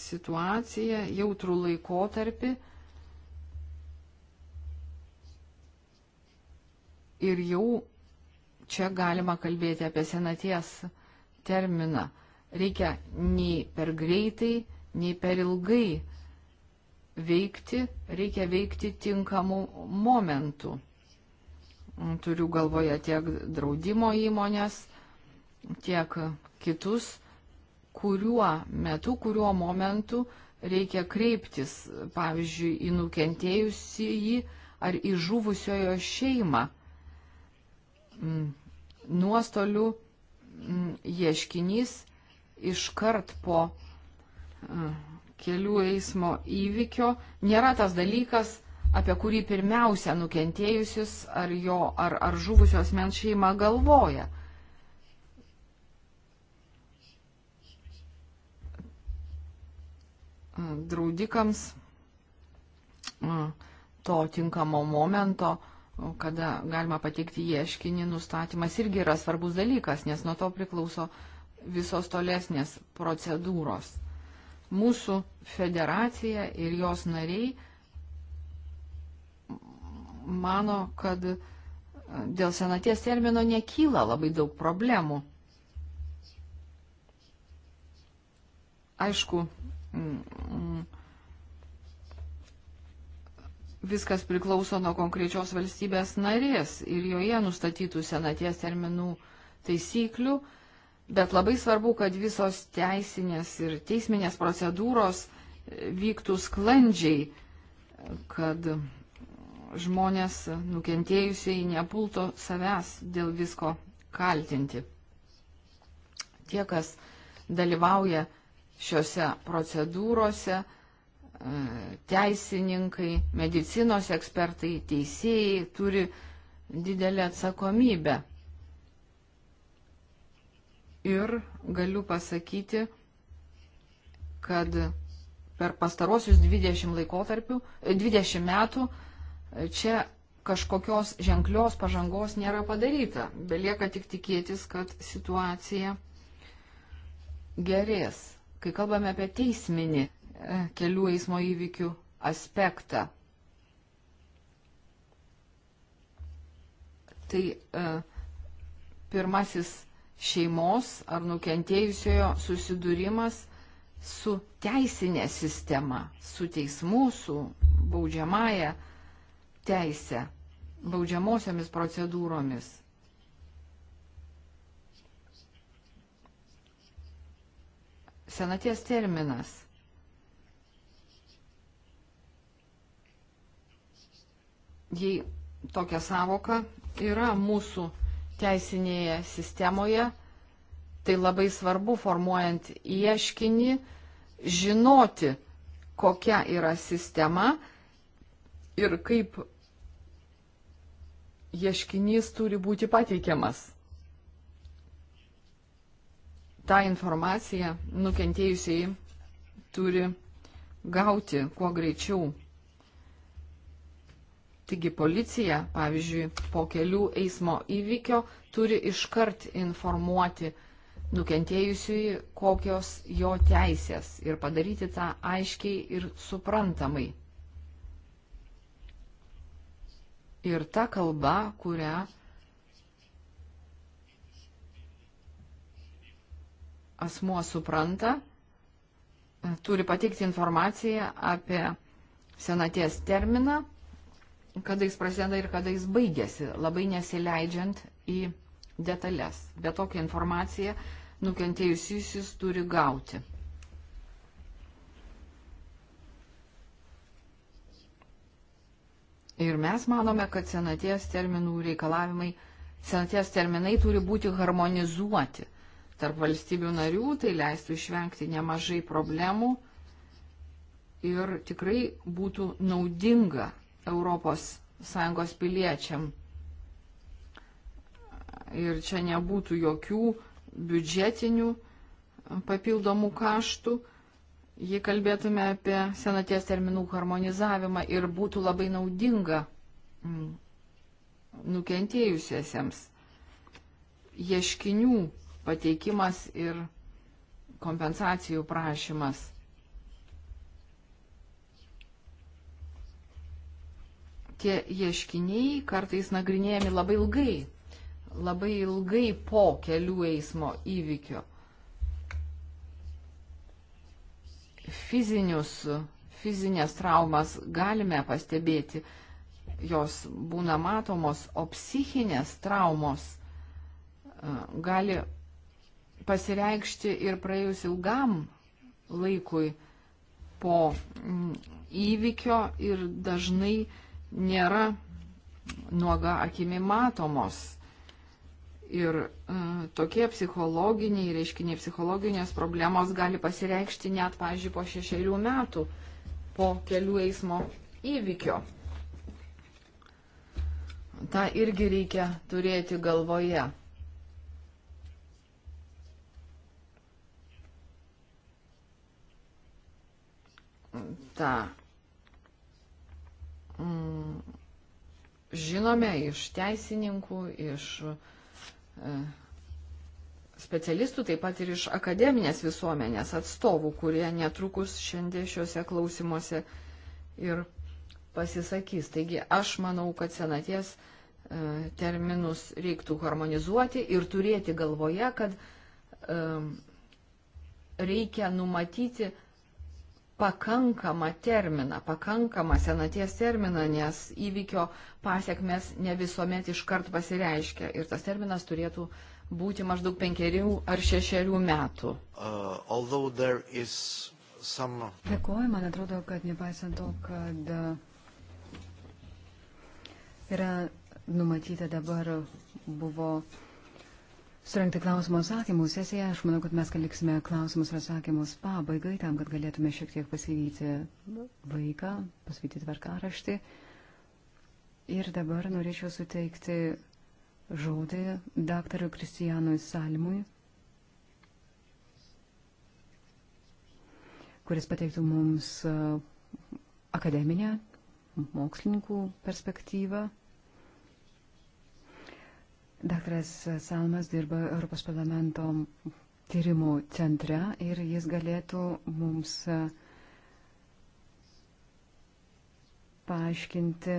situaciją, jautrų laikotarpį ir jau čia galima kalbėti apie senaties terminą. Reikia nei per greitai, nei per ilgai veikti, reikia veikti tinkamų momentų. Turiu galvoje tiek draudimo įmonės, tiek kitus, kuriuo metu, kuriuo momentu reikia kreiptis, pavyzdžiui, į nukentėjusį jį ar į žuvusiojo šeimą Mm, nuostolių mm, ieškinys iškart po e, kelių eismo įvykio nėra tas dalykas, apie kurį pirmiausia nukentėjusius ar jo ar, ar žuvusios men šeima galvoja. E, draudikams e, to tinkamo momento kada galima pateikti ieškinį, nustatymas irgi yra svarbus dalykas, nes nuo to priklauso visos tolesnės procedūros. Mūsų federacija ir jos nariai mano, kad dėl senaties termino nekyla labai daug problemų. Aišku, mm, mm, viskas priklauso nuo konkrečios valstybės narės ir joje nustatytų senaties terminų taisyklių, bet labai svarbu, kad visos teisinės ir teisminės procedūros e, vyktų sklandžiai, kad žmonės nukentėjusiai nepulto savęs dėl visko kaltinti. Tie, kas dalyvauja šiuose procedūrose, teisininkai, medicinos ekspertai, teisėjai turi didelę atsakomybę. Ir galiu pasakyti, kad per pastarosius 20, 20 e, metų e, čia kažkokios ženklios pažangos nėra padaryta. Belieka tik tikėtis, kad situacija gerės. Kai kalbame apie teisminį E, kelių eismo įvykių aspektą. Tai e, pirmasis šeimos ar nukentėjusiojo susidūrimas su teisinė sistema, su teismu, su baudžiamąją teisę, baudžiamosiomis procedūromis. Senaties terminas – jei tokia savoka yra mūsų teisinėje sistemoje, tai labai svarbu formuojant ieškinį žinoti, kokia yra sistema ir kaip ieškinys turi būti pateikiamas. Ta informacija nukentėjusiai turi gauti kuo greičiau. Taigi policija, pavyzdžiui, po kelių eismo įvykio turi iškart informuoti nukentėjusiui, kokios jo teisės ir padaryti tą aiškiai ir suprantamai. Ir ta kalba, kurią asmuo supranta, turi pateikti informaciją apie senaties terminą kada jis prasideda ir kada jis baigėsi, labai nesileidžiant į detalės. Bet tokią informaciją nukentėjusysis turi gauti. Ir mes manome, kad senaties terminų reikalavimai, senaties terminai turi būti harmonizuoti tarp valstybių narių, tai leistų išvengti nemažai problemų ir tikrai būtų naudinga ES piliečiam. Ir čia nebūtų jokių biudžetinių papildomų kaštų, jei kalbėtume apie senaties terminų harmonizavimą ir būtų labai naudinga mm, nukentėjusiesiems ieškinių pateikimas ir kompensacijų prašymas. tie ieškiniai kartais nagrinėjami labai ilgai, labai ilgai po kelių eismo įvykio. Fizinius, fizinės traumas galime pastebėti, jos būna matomos, o psichinės traumos e, gali pasireikšti ir praėjus ilgam laikui po mm, įvykio ir dažnai nėra nuoga akimi matomos. Ir e, tokie psichologiniai reiškiniai, psichologinės problemos gali pasireikšti net, pažiūrėjau, po šešerių metų, po kelių eismo įvykio. Ta irgi reikia turėti galvoje. Ta. Mm žinome iš teisininkų, iš e, specialistų, taip pat ir iš akademinės visuomenės atstovų, kurie netrukus šiandien šiuose klausimuose ir pasisakys. Taigi aš manau, kad senaties e, terminus reiktų harmonizuoti ir turėti galvoje, kad e, reikia numatyti pakankamą terminą, pakankamą senaties terminą, nes įvykio pasiekmes ne visuomet iškart pasireiškia ir tas terminas turėtų būti maždaug penkerių ar šešerių metų. Uh, some... Dėkuoju, man atrodo, kad nepaisant to, kad uh, yra numatyta dabar buvo surinkti klausimų atsakymų sesiją. Aš manau, kad mes liksime klausimus ir atsakymus pabaigai, tam, kad galėtume šiek tiek pasivyti vaiką, pasivyti tvarkaraštį. Ir dabar norėčiau suteikti žodį daktarui Kristijanui Salimui, kuris pateiktų mums uh, akademinę mokslininkų perspektyvą. Daktaras Salmas dirba Europos parlamento tyrimų centre ir jis galėtų mums e, paaiškinti.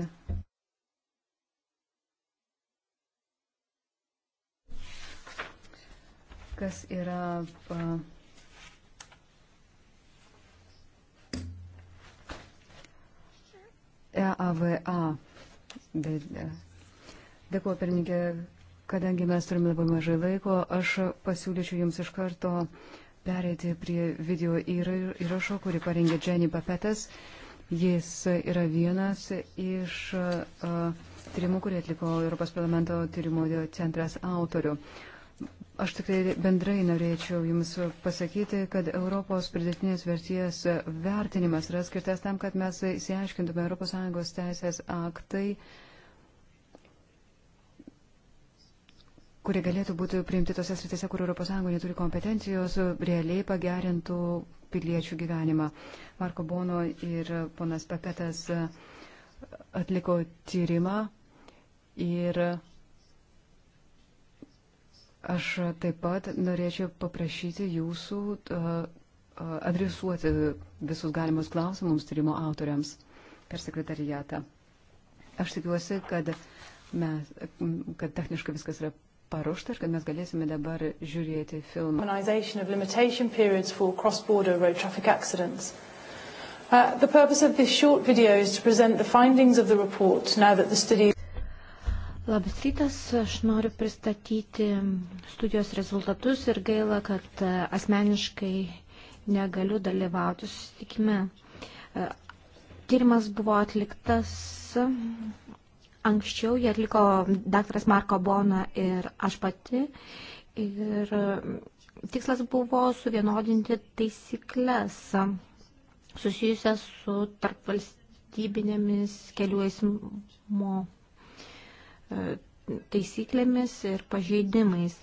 kas yra uh, e, EAVA. E, dėkuoju, pirmininkė, Kadangi mes turime labai mažai laiko, aš pasiūlyčiau Jums iš karto pereiti prie video įrašo, kurį parengė Jenny Papetas. Jis yra vienas iš uh, tyrimų, kurį atliko Europos parlamento tyrimo centras autorių. Aš tik tai bendrai norėčiau Jums pasakyti, kad Europos pridėtinės verties vertinimas yra skirtas tam, kad mes įsiaiškintume ES teisės aktai uh, kurie galėtų būti priimti tose sritise, kur ES neturi kompetencijos, realiai pagerintų piliečių gyvenimą. Marko Bono ir ponas Pepetas atliko tyrimą ir aš taip pat norėčiau paprašyti jūsų adresuoti visus galimus klausimus tyrimo autoriams per sekretariatą. Aš tikiuosi, kad, mes, kad techniškai viskas yra paruošta ir kad mes galėsime dabar žiūrėti filmą. Uh, the purpose of this short video is to present the findings of the report now that the study Labas rytas, aš noriu pristatyti studijos rezultatus ir gaila, kad uh, asmeniškai negaliu dalyvauti susitikime. Uh, tyrimas buvo atliktas Anksčiau jie atliko daktaras Marko Bona ir aš pati. Ir mm, tikslas buvo suvienodinti taisyklės susijusias su tarpvalstybinėmis kelių eismo e, taisyklėmis ir pažeidimais.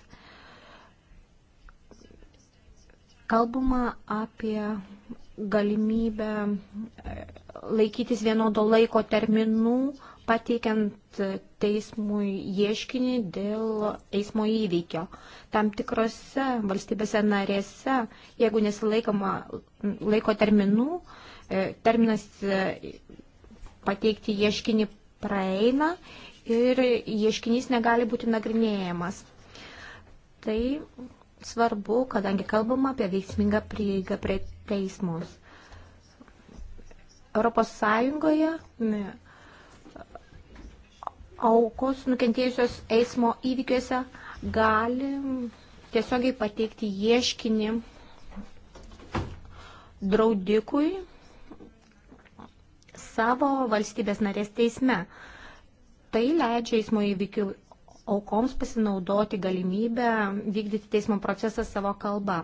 Kalbama apie galimybę e, laikytis vienodo laiko terminų pateikiant teismui ieškinį dėl eismo įvykio. Tam tikrose valstybėse narėse, jeigu nesilaikoma laiko terminų, e, terminas e, pateikti ieškinį praeina ir ieškinys negali būti nagrinėjamas. Tai svarbu, kadangi kalbama apie veiksmingą prieigą prie teismus. Europos Sąjungoje ne, aukos nukentėjusios eismo įvykiuose gali tiesiogiai pateikti ieškinį draudikui savo valstybės narės teisme. Tai leidžia eismo įvykių aukoms pasinaudoti galimybę vykdyti teismo procesą savo kalbą.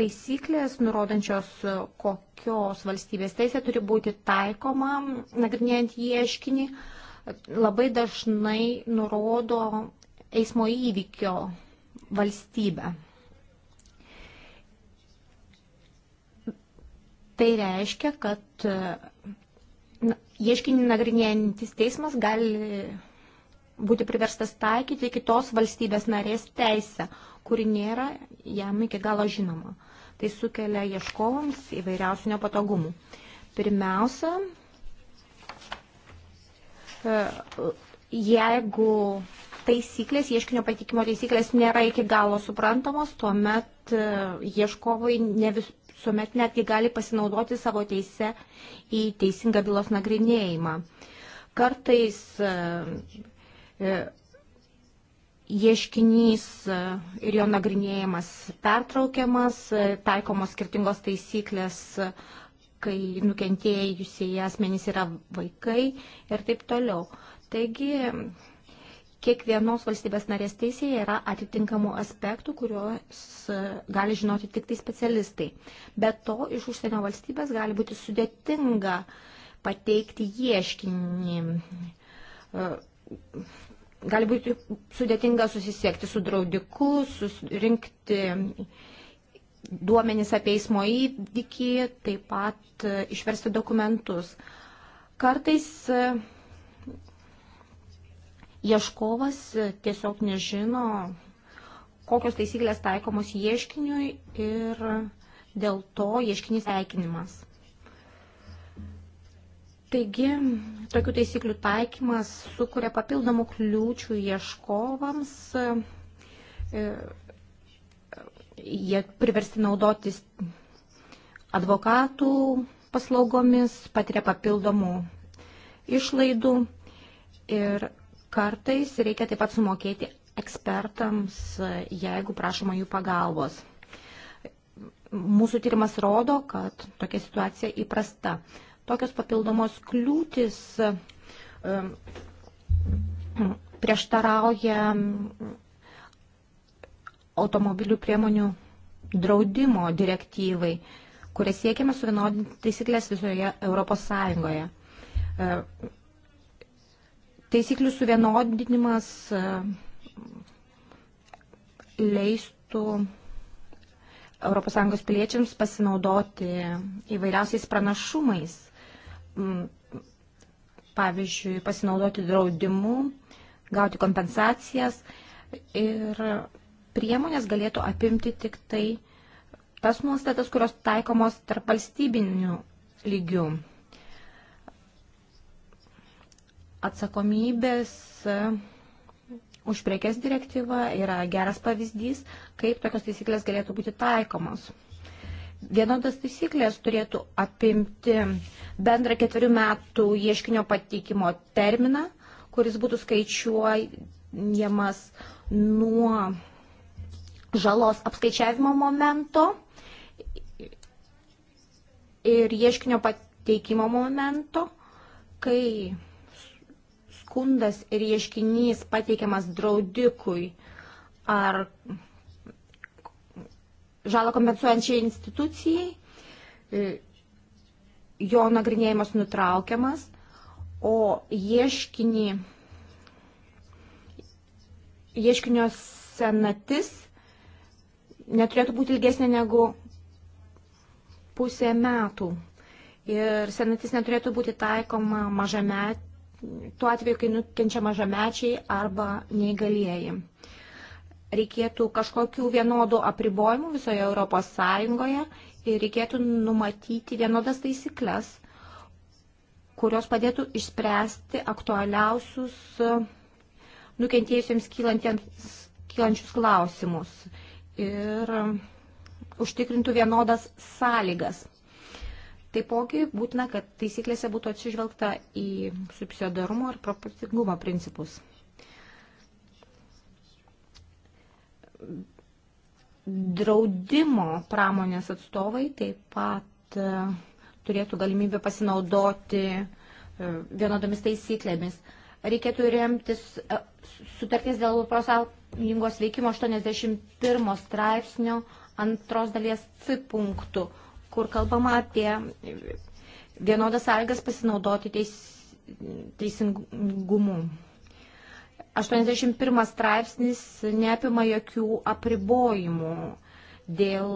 Taisyklės, nurodančios, kokios valstybės teisė turi būti taikoma, nagrinėjant ieškinį, uh, labai dažnai nurodo eismo įvykio valstybę. Tai reiškia, kad na, ieškinį nagrinėjantis teismas gali būti priverstas taikyti kitos valstybės narės teisę, kuri nėra jam iki galo žinoma. Tai sukelia ieškovams įvairiausių nepatogumų. Pirmiausia, jeigu taisyklės, ieškinio patikimo taisyklės nėra iki galo suprantamos, tuomet e, ieškovai ne visuomet netgi gali pasinaudoti savo teise į teisingą bylos nagrinėjimą. Kartais e, e, ieškinys ir jo nagrinėjimas pertraukiamas, taikomos skirtingos taisyklės kai nukentėjusiai asmenys yra vaikai ir taip toliau. Taigi, kiekvienos valstybės narės teisėje yra atitinkamų aspektų, kuriuos e, gali žinoti tik tai specialistai. Be to, iš užsienio valstybės gali būti sudėtinga pateikti ieškinį. E, gali būti sudėtinga susisiekti su draudiku, susirinkti duomenys apie eismo įvykį, taip pat e, išversti dokumentus. Kartais e, ieškovas e, tiesiog nežino, kokios taisyklės taikomos ieškiniui ir dėl to ieškinys teikinimas. Taigi, tokių taisyklių taikymas sukuria papildomų kliūčių ieškovams jie priversti naudotis advokatų paslaugomis, patiria papildomų išlaidų ir kartais reikia taip pat sumokėti ekspertams, jeigu prašoma jų pagalbos. Mūsų tyrimas rodo, kad tokia situacija įprasta. Tokios papildomos kliūtis um, prieštarauja automobilių priemonių draudimo direktyvai, kuria siekiame suvienodinti taisyklės visoje Europos Sąjungoje. E, taisyklių suvienodinimas e, leistų Europos Sąjungos piliečiams pasinaudoti įvairiausiais pranašumais, mm, pavyzdžiui, pasinaudoti draudimu, gauti kompensacijas ir priemonės galėtų apimti tik tai tas nuostatas, kurios taikomos tarp valstybinių lygių. Atsakomybės uh, už prekes direktyva yra geras pavyzdys, kaip tokios taisyklės galėtų būti taikomos. Vienodas taisyklės turėtų apimti bendrą ketverių metų ieškinio pateikimo terminą, kuris būtų skaičiuojamas nuo žalos apskaičiavimo momento ir ieškinio pateikimo momento, kai skundas ir ieškinys pateikiamas draudikui ar žalą kompensuojančiai institucijai, jo nagrinėjimas nutraukiamas, o ieškinį, ieškinio senatis neturėtų būti ilgesnė negu pusė metų. Ir senatis neturėtų būti taikoma mažame, tuo atveju, kai nukenčia mažamečiai arba neįgalieji. Reikėtų kažkokių vienodų apribojimų visoje Europos Sąjungoje ir reikėtų numatyti vienodas taisyklės, kurios padėtų išspręsti aktualiausius nukentėjusiems kylančius klausimus ir užtikrintų vienodas sąlygas. Taipogi būtina, kad taisyklėse būtų atsižvelgta į subsidarumo ir proporcingumo principus. Draudimo pramonės atstovai taip pat e, turėtų galimybę pasinaudoti e, vienodomis taisyklėmis reikėtų remtis e, sutarties dėl profsąjungos veikimo 81 straipsnio antros dalies C punktų, kur kalbama apie vienodas sąlygas pasinaudoti teis, teisingumu. 81 straipsnis neapima jokių apribojimų dėl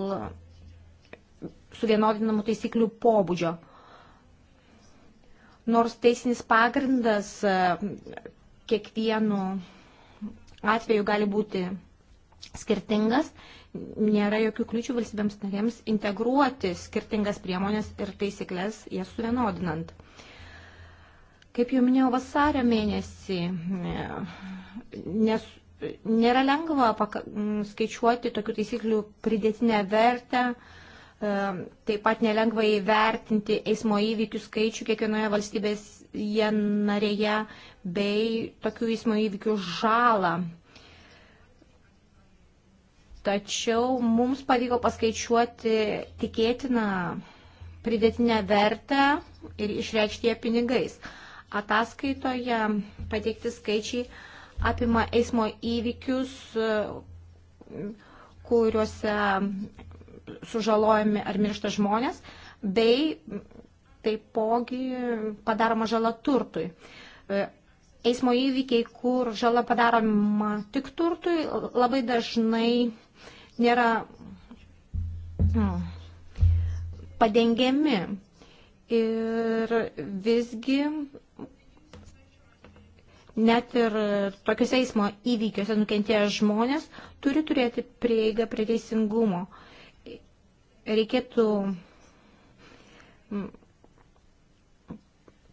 suvienodinamų taisyklių pobūdžio nors teisinis pagrindas e, kiekvienu atveju gali būti skirtingas, nėra jokių kliūčių valstybėms narėms integruoti skirtingas priemonės ir taisyklės, jas suvienodinant. Kaip jau minėjau, vasario mėnesį e, nes, nėra lengva skaičiuoti tokių taisyklių pridėtinę vertę, uh, Taip pat nelengva įvertinti eismo įvykių skaičių kiekvienoje valstybės jie narėje bei tokių eismo įvykių žalą. Tačiau mums pavyko paskaičiuoti tikėtiną pridėtinę vertę ir išreikšti ją pinigais. Ataskaitoje pateikti skaičiai apima eismo įvykius, kuriuose sužalojami ar miršta žmonės, bei taipogi padaroma žala turtui. E, eismo įvykiai, kur žala padaroma tik turtui, labai dažnai nėra mm, padengiami. Ir visgi net ir tokiuose eismo įvykiuose nukentėję žmonės turi turėti prieigą prie teisingumo. Uh, reikėtų mm,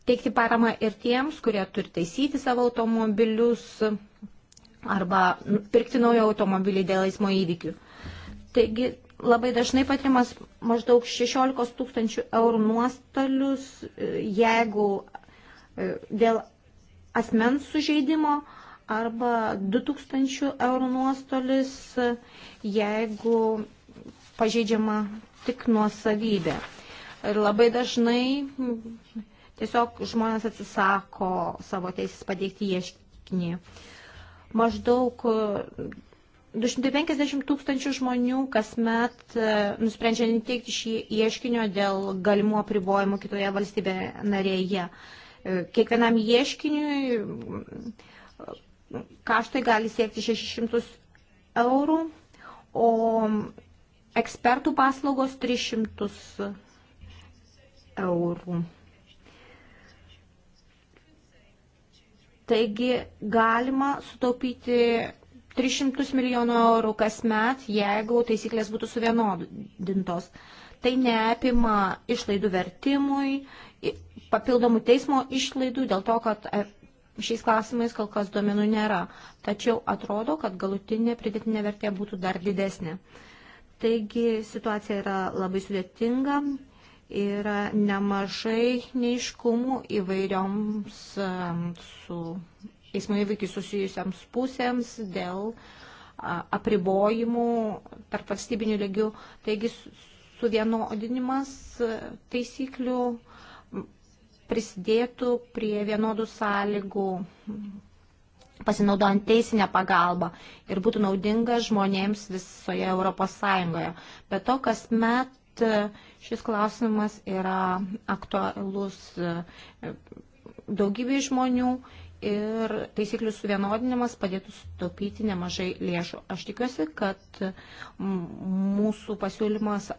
teikti paramą ir tiems, kurie turi taisyti savo automobilius arba pirkti naują automobilį dėl eismo įvykių. Taigi labai dažnai patirimas maždaug 16 tūkstančių eurų nuostolius, jeigu e, dėl asmens sužeidimo arba 2000 eurų nuostolis, jeigu pažeidžiama tik nuosavybė. Ir labai dažnai tiesiog žmonės atsisako savo teisės pateikti ieškinį. Maždaug e, 250 tūkstančių žmonių kasmet e, nusprendžia neteikti šį ieškinio dėl galimų apribojimų kitoje valstybėje narėje. E, kiekvienam ieškiniui kaštai gali siekti 600 eurų, o ekspertų paslaugos 300 eurų. Taigi galima sutaupyti 300 milijonų eurų kasmet, jeigu taisyklės būtų suvienodintos. Tai neapima išlaidų vertimui, papildomų teismo išlaidų dėl to, kad e, šiais klausimais kol kas duomenų nėra. Tačiau atrodo, kad galutinė pridėtinė vertė būtų dar didesnė. Uh, Taigi situacija yra labai sudėtinga, yra nemažai neiškumų įvairioms su eismo įvykiai susijusiams pusėms dėl apribojimų tarp valstybinių lygių. Taigi suvienodinimas e, taisyklių prisidėtų prie vienodų sąlygų pasinaudojant teisinę pagalbą ir būtų naudinga žmonėms visoje Europos Sąjungoje. Be to, kasmet e, šis klausimas yra aktualus e, daugybė žmonių ir taisyklių suvienodinimas padėtų sutaupyti nemažai lėšų. Aš tikiuosi, kad e, mūsų pasiūlymas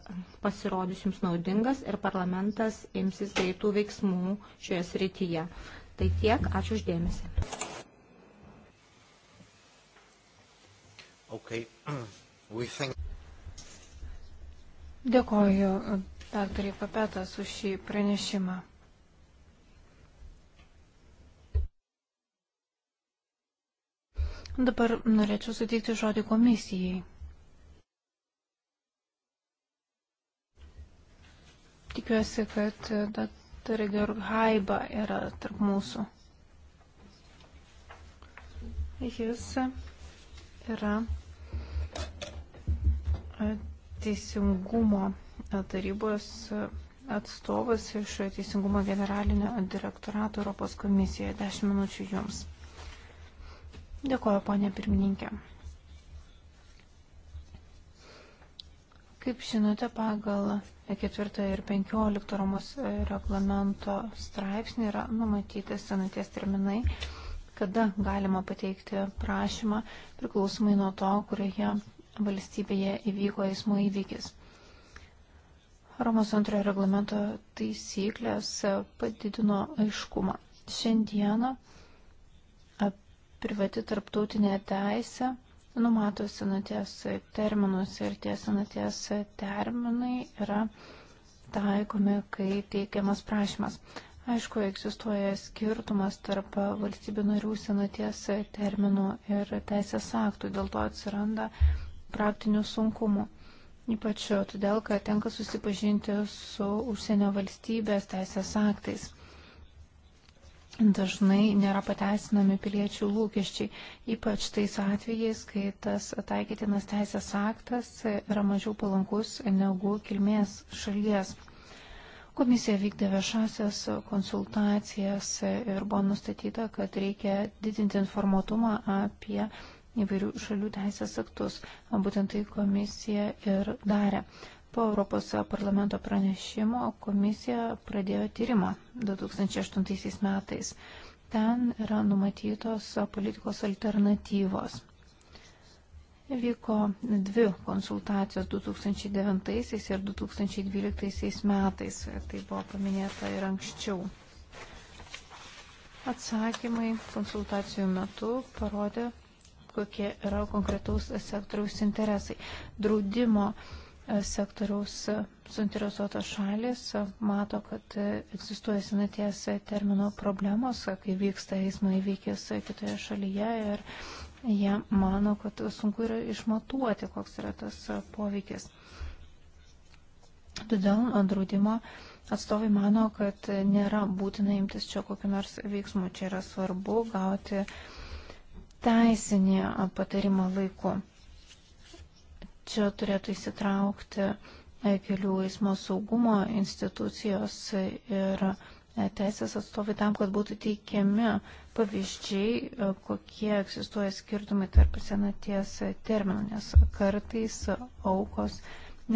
pasirodys jums naudingas ir parlamentas imsis greitų veiksmų šioje srityje. Tai tiek, ačiū uždėmesi. Okay. Think... Dėkoju uh, daktarė Papetas už šį pranešimą. Dabar norėčiau suteikti žodį komisijai. Tikiuosi, kad uh, daktarė Georg Haiba yra tarp mūsų. Jis yra Teisingumo tarybos atstovas iš Teisingumo generalinio direktorato Europos komisijoje. Dešimt minučių jums. Dėkuoju, ponė pirmininkė. Kaip žinote, pagal 4 ir 15 Romos reglamento straipsnį yra numatyti senaties terminai kada galima pateikti prašymą priklausomai nuo to, kurioje valstybėje įvyko eismo įvykis. Romos antrojo reglamento taisyklės padidino aiškumą. Šiandieną privati tarptautinė teisė numato senaties terminus ir tie senaties terminai yra taikomi, kai teikiamas prašymas. Aišku, egzistuoja skirtumas tarp valstybių narių senaties terminų ir teisės aktų, dėl to atsiranda praktinių sunkumų. Ypač todėl, kad tenka susipažinti su užsienio valstybės teisės aktais. Dažnai nėra pateisinami piliečių lūkesčiai, ypač tais atvejais, kai tas taikytinas teisės aktas yra mažiau palankus negu kilmės šalies. Komisija vykdė viešasias konsultacijas ir buvo nustatyta, kad reikia didinti informatumą apie įvairių šalių teisės aktus. Būtent tai komisija ir darė. Po Europos parlamento pranešimo komisija pradėjo tyrimą 2008 metais. Ten yra numatytos politikos alternatyvos. Vyko dvi konsultacijos 2009 ir 2012 metais, tai buvo paminėta ir anksčiau. Atsakymai konsultacijų metu parodė, kokie yra konkretaus sektoriaus interesai. Draudimo e, sektoriaus e, suinteresuotos šalis e, mato, kad egzistuoja senaties termino problemos, kai vyksta eismo įvykis kitoje šalyje ir Jie mano, kad sunku yra išmatuoti, koks yra tas poveikis. Todėl draudimo atstovai mano, kad nėra būtina imtis čia kokiu nors veiksmu. Čia yra svarbu gauti teisinį patarimą laiku. Čia turėtų įsitraukti kelių eismo saugumo institucijos ir institucijos teisės atstovai tam, kad būtų teikiami pavyzdžiai, e, kokie egzistuoja skirtumai tarp senaties terminų, nes kartais aukos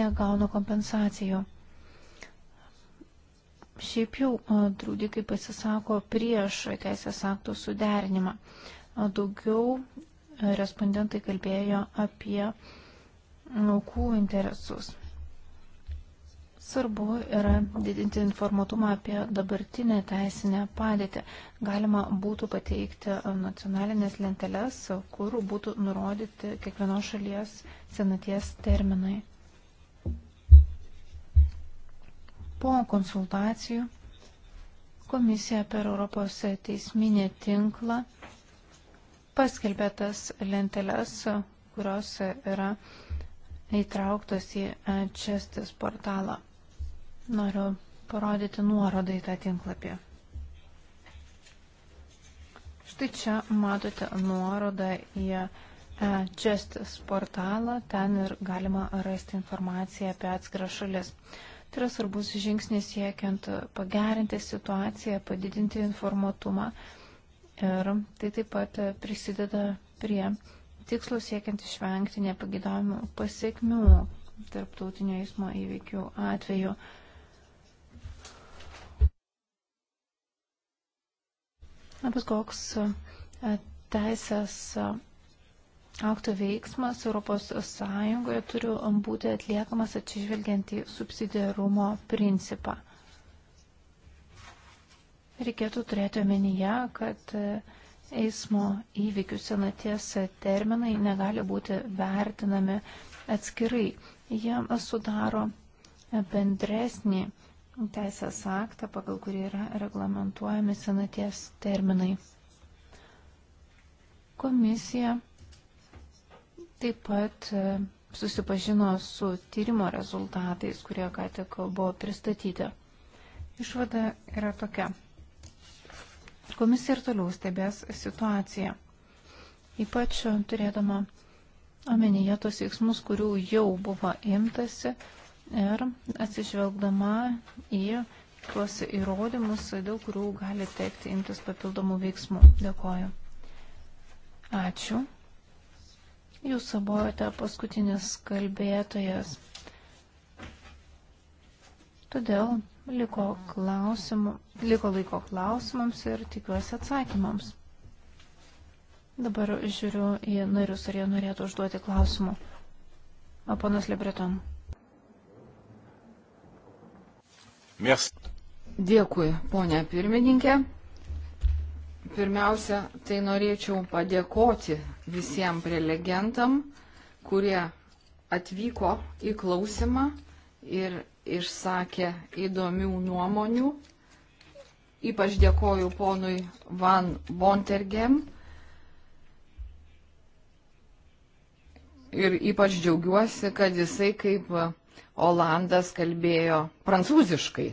negauna kompensacijų. Šiaip jau e, draudikai pasisako prieš teisės aktų suderinimą. E, daugiau respondentai kalbėjo apie aukų interesus. Svarbu yra didinti informatumą apie dabartinę teisinę padėtį. Galima būtų pateikti nacionalinės lenteles, kur būtų nurodyti kiekvienos šalies senaties terminai. Po konsultacijų komisija per Europos teisminį tinklą paskelbė tas lenteles, kurios yra įtrauktos į Čestis portalą. Noriu parodyti nuorodą į tą tinklapį. Štai čia matote nuorodą į e, Justice portalą, ten ir galima rasti informaciją apie atskiras šalis. Tai yra svarbus žingsnis siekiant pagerinti situaciją, padidinti informatumą ir tai taip pat prisideda prie tikslo siekiant išvengti nepagydavimų pasiekmių tarptautinio eismo įvykių atveju. bet koks e, teisės e, akto veiksmas Europos Sąjungoje turi būti atliekamas atsižvelgiant į subsidiarumo principą. Reikėtų turėti omenyje, kad e, eismo įvykių senaties terminai negali būti vertinami atskirai. Jie sudaro bendresnį teisės aktą, pagal kurį yra reglamentuojami senaties terminai. Komisija taip pat e, susipažino su tyrimo rezultatais, kurie ką tik buvo pristatyti. Išvada yra tokia. Komisija ir toliau stebės situaciją, ypač turėdama omenyje tos veiksmus, kurių jau buvo imtasi ir atsižvelgdama į tuos įrodymus, dėl kurių gali tekti imtis papildomų veiksmų. Dėkoju. Ačiū. Jūs buvote paskutinis kalbėtojas. Todėl liko, klausimų, liko laiko klausimams ir tikiuosi atsakymams. Dabar žiūriu į narius, ar jie norėtų užduoti klausimų. O panas Libreton. Merci. Dėkui, ponia pirmininkė. Pirmiausia, tai norėčiau padėkoti visiems prelegentam, kurie atvyko į klausimą ir išsakė įdomių nuomonių. Ypač dėkoju ponui Van Bontergem. Ir ypač džiaugiuosi, kad jisai kaip Olandas kalbėjo prancūziškai.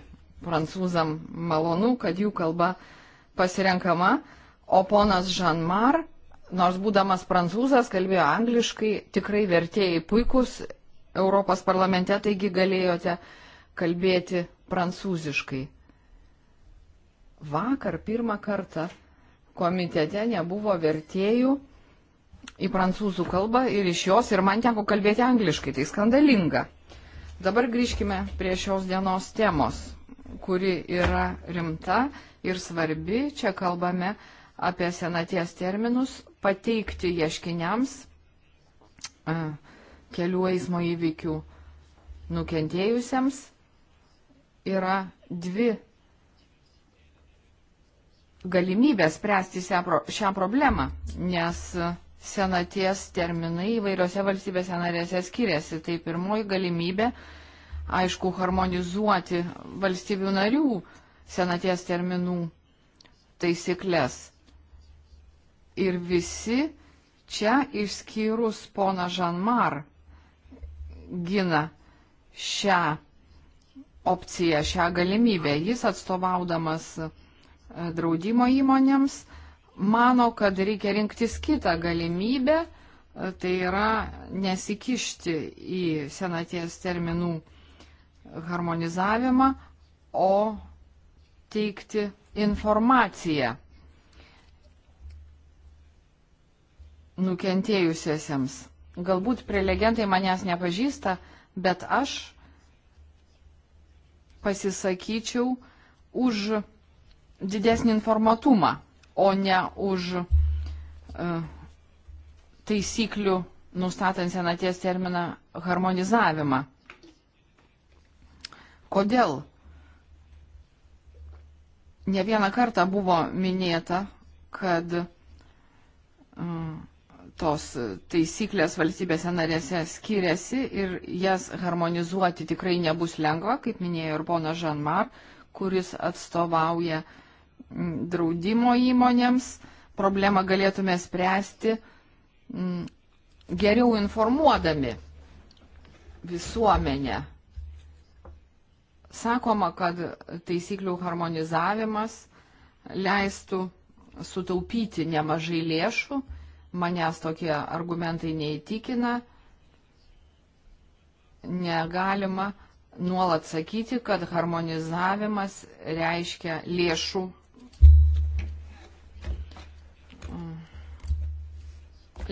Prancūzam malonu, kad jų kalba pasirenkama, o ponas Žanmar, nors būdamas prancūzas, kalbėjo angliškai, tikrai vertėjai puikus Europos parlamente, taigi galėjote kalbėti prancūziškai. Vakar pirmą kartą komitete nebuvo vertėjų į prancūzų kalbą ir iš jos ir man teko kalbėti angliškai, tai skandalinga. Dabar grįžkime prie šios dienos temos, kuri yra rimta ir svarbi. Čia kalbame apie senaties terminus, pateikti ieškiniams kelių eismo įvykių nukentėjusiems. Yra dvi galimybės spręsti šią problemą, nes senaties terminai įvairiose valstybėse narėse skiriasi. Tai pirmoji galimybė, aišku, harmonizuoti valstybių narių senaties terminų taisyklės. Ir visi čia išskyrus pona Žanmar gina šią opciją, šią galimybę. Jis atstovaudamas draudimo įmonėms mano, kad reikia rinktis kitą galimybę, tai yra nesikišti į senaties terminų harmonizavimą, o teikti informaciją nukentėjusiesiems. Galbūt prelegentai manęs nepažįsta, bet aš pasisakyčiau už didesnį informatumą o ne už e, taisyklių nustatant senaties terminą harmonizavimą. Kodėl? Ne vieną kartą buvo minėta, kad e, tos taisyklės valstybėse narėse skiriasi ir jas harmonizuoti tikrai nebus lengva, kaip minėjo ir ponas Žanmar, kuris atstovauja uh, draudimo įmonėms. Problemą galėtume spręsti mm, geriau informuodami visuomenę. Sakoma, kad taisyklių harmonizavimas leistų sutaupyti nemažai lėšų. Manęs tokie argumentai neįtikina. Negalima nuolat sakyti, kad harmonizavimas reiškia lėšų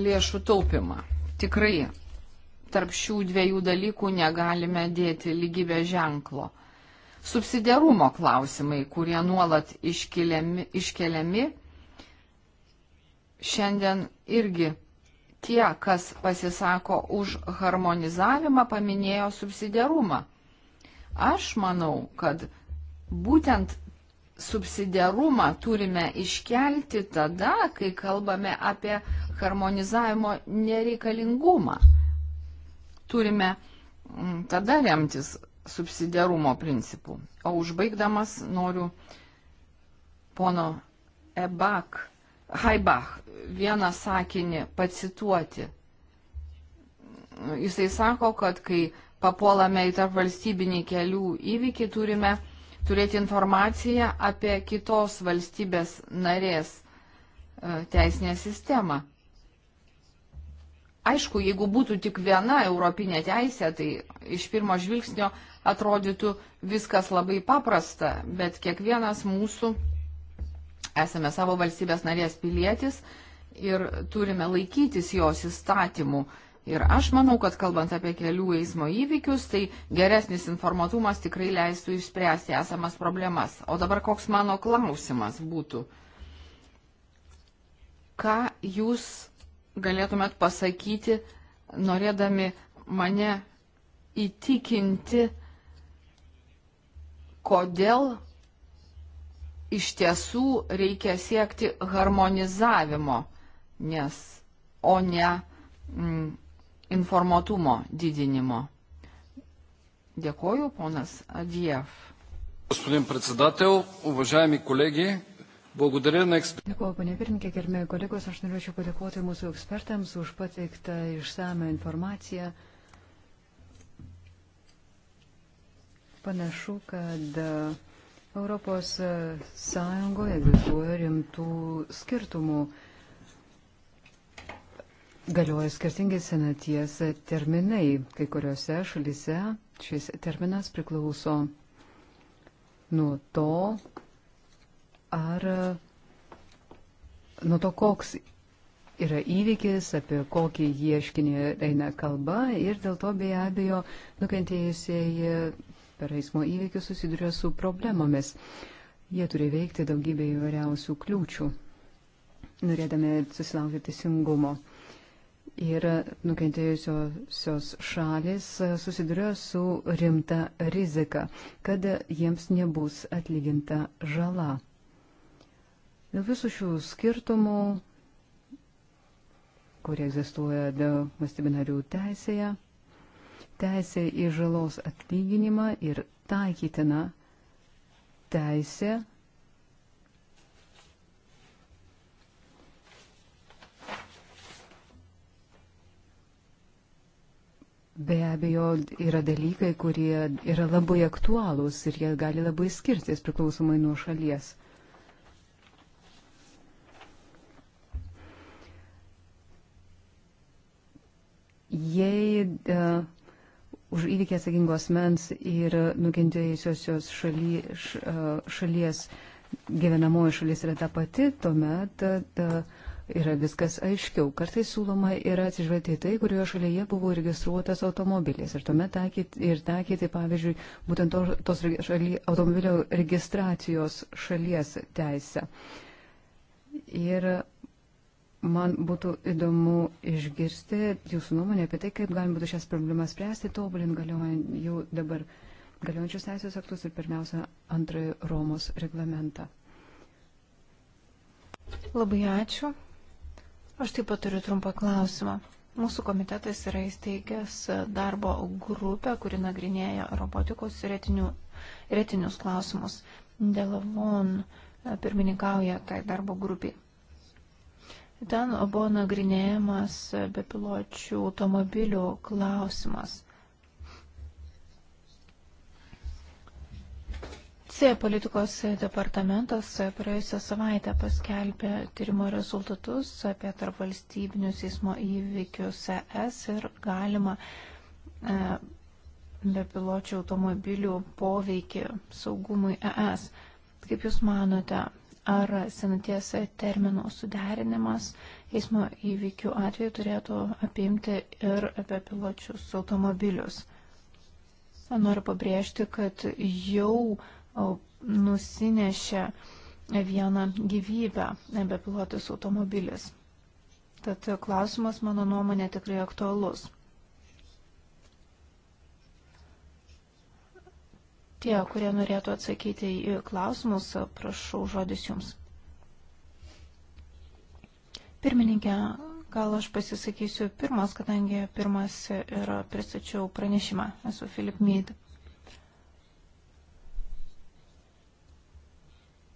lėšų taupimą. Tikrai tarp šių dviejų dalykų negalime dėti lygybės ženklo. Subsidiarumo klausimai, kurie nuolat iškeliami, iškeliami šiandien irgi tie, kas pasisako už harmonizavimą, paminėjo subsidiarumą. Aš manau, kad būtent subsidiarumą turime iškelti tada, kai kalbame apie harmonizavimo nereikalingumą. Turime mm, tada remtis subsidiarumo principų. O užbaigdamas noriu pono Ebak, Haibach vieną sakinį pacituoti. Jisai sako, kad kai papuolame į tarp valstybinį kelių įvykį, turime turėti informaciją apie kitos valstybės narės e, teisinę sistemą. Aišku, jeigu būtų tik viena europinė teisė, tai iš pirmo žvilgsnio atrodytų viskas labai paprasta, bet kiekvienas mūsų esame savo valstybės narės pilietis ir turime laikytis jos įstatymų. Ir aš manau, kad kalbant apie kelių eismo įvykius, tai geresnis informatumas tikrai leistų išspręsti esamas problemas. O dabar koks mano klausimas būtų? Ką jūs galėtumėt pasakyti, norėdami mane įtikinti, kodėl iš tiesų reikia siekti harmonizavimo, nes, o ne mm, informuotumo didinimo. Dėkoju, ponas Adiev. Господин председател, уважаеми колеги, благодаря на експертите. Dėkoju, panė pirmininkė, gerbėjai kolegos, aš norėčiau padėkoti mūsų ekspertams už pateiktą išsame informaciją. Panašu, kad Europos Sąjungoje egzistuoja rimtų skirtumų galioja skirtingi senaties terminai. Kai kuriuose šalise šis terminas priklauso nuo to, ar nuo to, koks yra įvykis, apie kokį ieškinį eina kalba ir dėl to be abejo nukentėjusieji per eismo įvykius susiduria su problemomis. Jie turi veikti daugybę įvairiausių kliūčių, norėdami susilaukti teisingumo ir nukentėjusios šalis susiduria su rimta rizika, kad jiems nebus atlyginta žala. Dėl visų šių skirtumų, kurie egzistuoja dėl valstybinarių teisėje, teisė į žalos atlyginimą ir taikytina teisė Be abejo, yra dalykai, kurie yra labai aktualūs ir jie gali labai skirtis priklausomai nuo šalies. Jei uh, už įvykį atsakingos mens ir nukentėjusios šaly, š, uh, šalies gyvenamoji šalis yra ta pati, tuomet uh, yra viskas aiškiau. Kartais siūloma yra atsižvelgti į tai, kurioje šalyje buvo registruotas automobilis. Ir tuomet taikyti, ir taikyti pavyzdžiui, būtent to, tos šaly, automobilio registracijos šalies teisę. Ir man būtų įdomu išgirsti jūsų nuomonę apie tai, kaip galima būtų šias problemas spręsti, tobulint galiojant jau dabar galiojančius teisės aktus ir pirmiausia antrąjį Romos reglamentą. Labai ačiū. Aš taip pat turiu trumpą klausimą. Mūsų komitetas yra įsteigęs darbo grupę, kuri nagrinėja robotikos ir etinių, etinius klausimus. Delavon e, pirmininkauja tai darbo grupiai. Ten buvo nagrinėjamas e, bepiločių automobilių klausimas. C politikos departamentas praėjusią savaitę paskelbė tyrimo rezultatus apie tarpvalstybinius eismo įvykius ES ir galima e, bepiločių automobilių poveikį saugumui ES. Kaip Jūs manote, ar senaties terminų suderinimas eismo įvykių atveju turėtų apimti ir bepiločius automobilius? Noriu pabrėžti, kad jau nusinešė vieną gyvybę bepilotis automobilis. Tad klausimas, mano nuomonė, tikrai aktualus. Tie, kurie norėtų atsakyti į klausimus, prašau žodis jums. Pirmininkė, gal aš pasisakysiu pirmas, kadangi pirmas ir pristačiau pranešimą. Esu Filip Myd.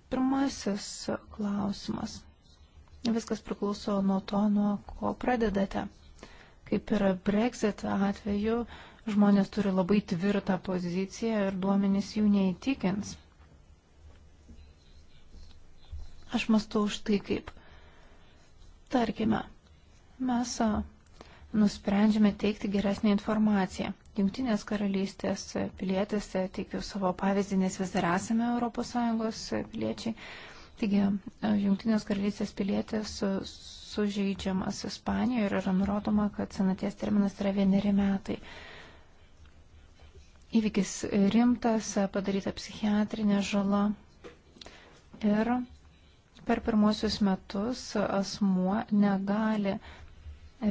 Pirmasis klausimas. Viskas priklauso nuo to, nuo ko pradedate. Kaip ir Brexit atveju, žmonės turi labai tvirtą poziciją ir duomenys jų neįtikins. Aš mastau už tai kaip. Tarkime, mes nusprendžiame teikti geresnį informaciją. Jungtinės karalystės pilietis, e, teikiu savo pavyzdį, nes vis dar esame ES e, piliečiai. Taigi, e, Jungtinės karalystės pilietis sužeidžiamas Ispanijoje ir yra nurodoma, kad senaties terminas yra vieneri metai. Įvykis rimtas, padaryta psichiatrinė žala ir per pirmosius metus asmuo negali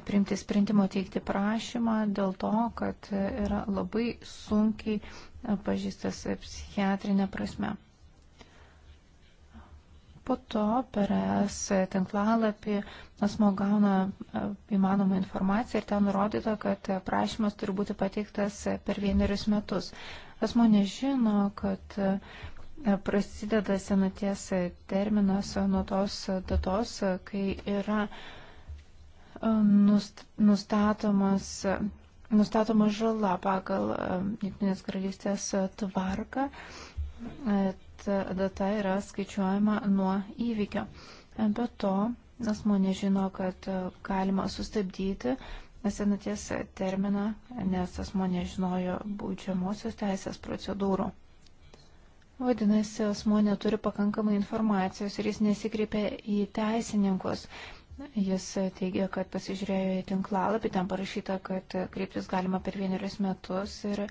priimti sprendimo teikti prašymą dėl to, kad yra labai sunkiai pažįstas psichiatrinė prasme. Po to per es tinklalapį asmo gauna įmanomą informaciją ir ten nurodyta, kad prašymas turi būti pateiktas per vienerius metus. Asmo nežino, kad prasideda senaties terminas nuo tos datos, kai yra nustatomas, nustatoma žala pagal Junktinės karalystės tvarką. Data yra skaičiuojama nuo įvykio. Be to, asmo nežino, kad e, galima sustabdyti senaties terminą, nes asmo nežinojo būdžiamosios teisės procedūrų. Vadinasi, asmo neturi pakankamai informacijos ir jis nesikreipia į teisininkus. Jis teigia, kad pasižiūrėjo į tinklalapį, ten parašyta, kad kreiptis galima per vienerius metus ir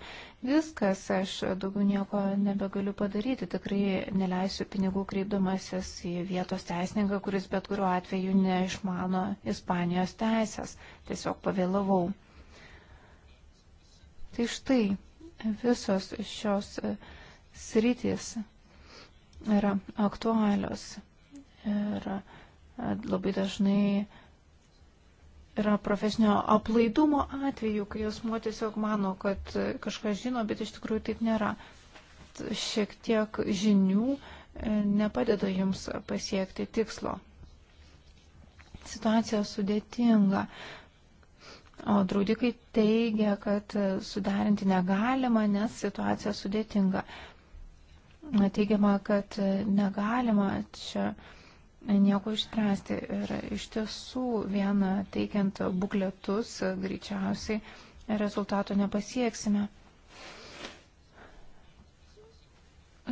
viskas, aš daugiau nieko nebegaliu padaryti, tikrai neleisiu pinigų kreipdamasis į vietos teisininką, kuris bet kuriuo atveju neišmano Ispanijos teisės, tiesiog pavėlavau. Tai štai, visos šios sritys yra aktualios. Ir labai dažnai yra profesinio aplaidumo atveju, kai asmuo tiesiog mano, kad kažkas žino, bet iš tikrųjų taip nėra. Šiek tiek žinių e, nepadeda jums pasiekti tikslo. Situacija sudėtinga. O draudikai teigia, kad sudarinti negalima, nes situacija sudėtinga. Teigiama, kad negalima čia nieko išspręsti. Ir iš tiesų vien teikiant bukletus greičiausiai rezultato nepasieksime.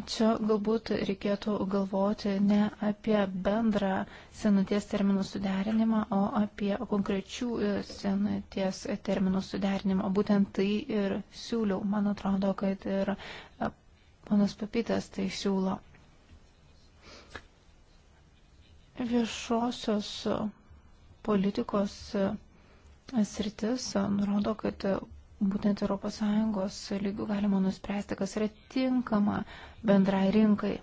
Čia galbūt reikėtų galvoti ne apie bendrą senaties terminų suderinimą, o apie konkrečių senaties terminų suderinimą. Būtent tai ir siūliau. Man atrodo, kad ir ponas Papitas tai siūlo. Viešosios politikos sritis nurodo, kad būtent ES lygių galima nuspręsti, kas yra tinkama bendrai rinkai.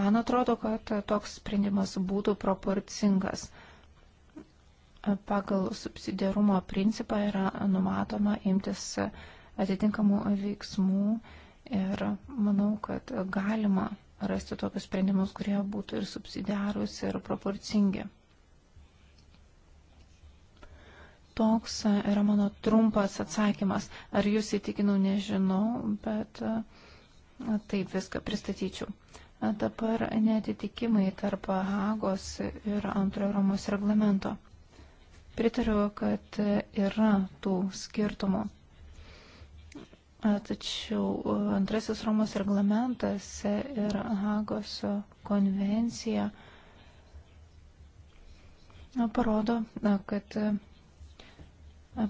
Man atrodo, kad toks sprendimas būtų proporcingas. Pagal subsidiarumo principą yra numatoma imtis atitinkamų veiksmų ir manau, kad galima rasti tokius sprendimus, kurie būtų ir subsidiarūs, ir proporcingi. Toks yra mano trumpas atsakymas. Ar jūs įtikinau, nežinau, bet taip viską pristatyčiau. Dabar netitikimai tarp Hagos ir antrojo Romos reglamento. Pritariu, kad yra tų skirtumų. Tačiau e, antrasis Romos reglamentas ir Hagos konvencija e, parodo, e, kad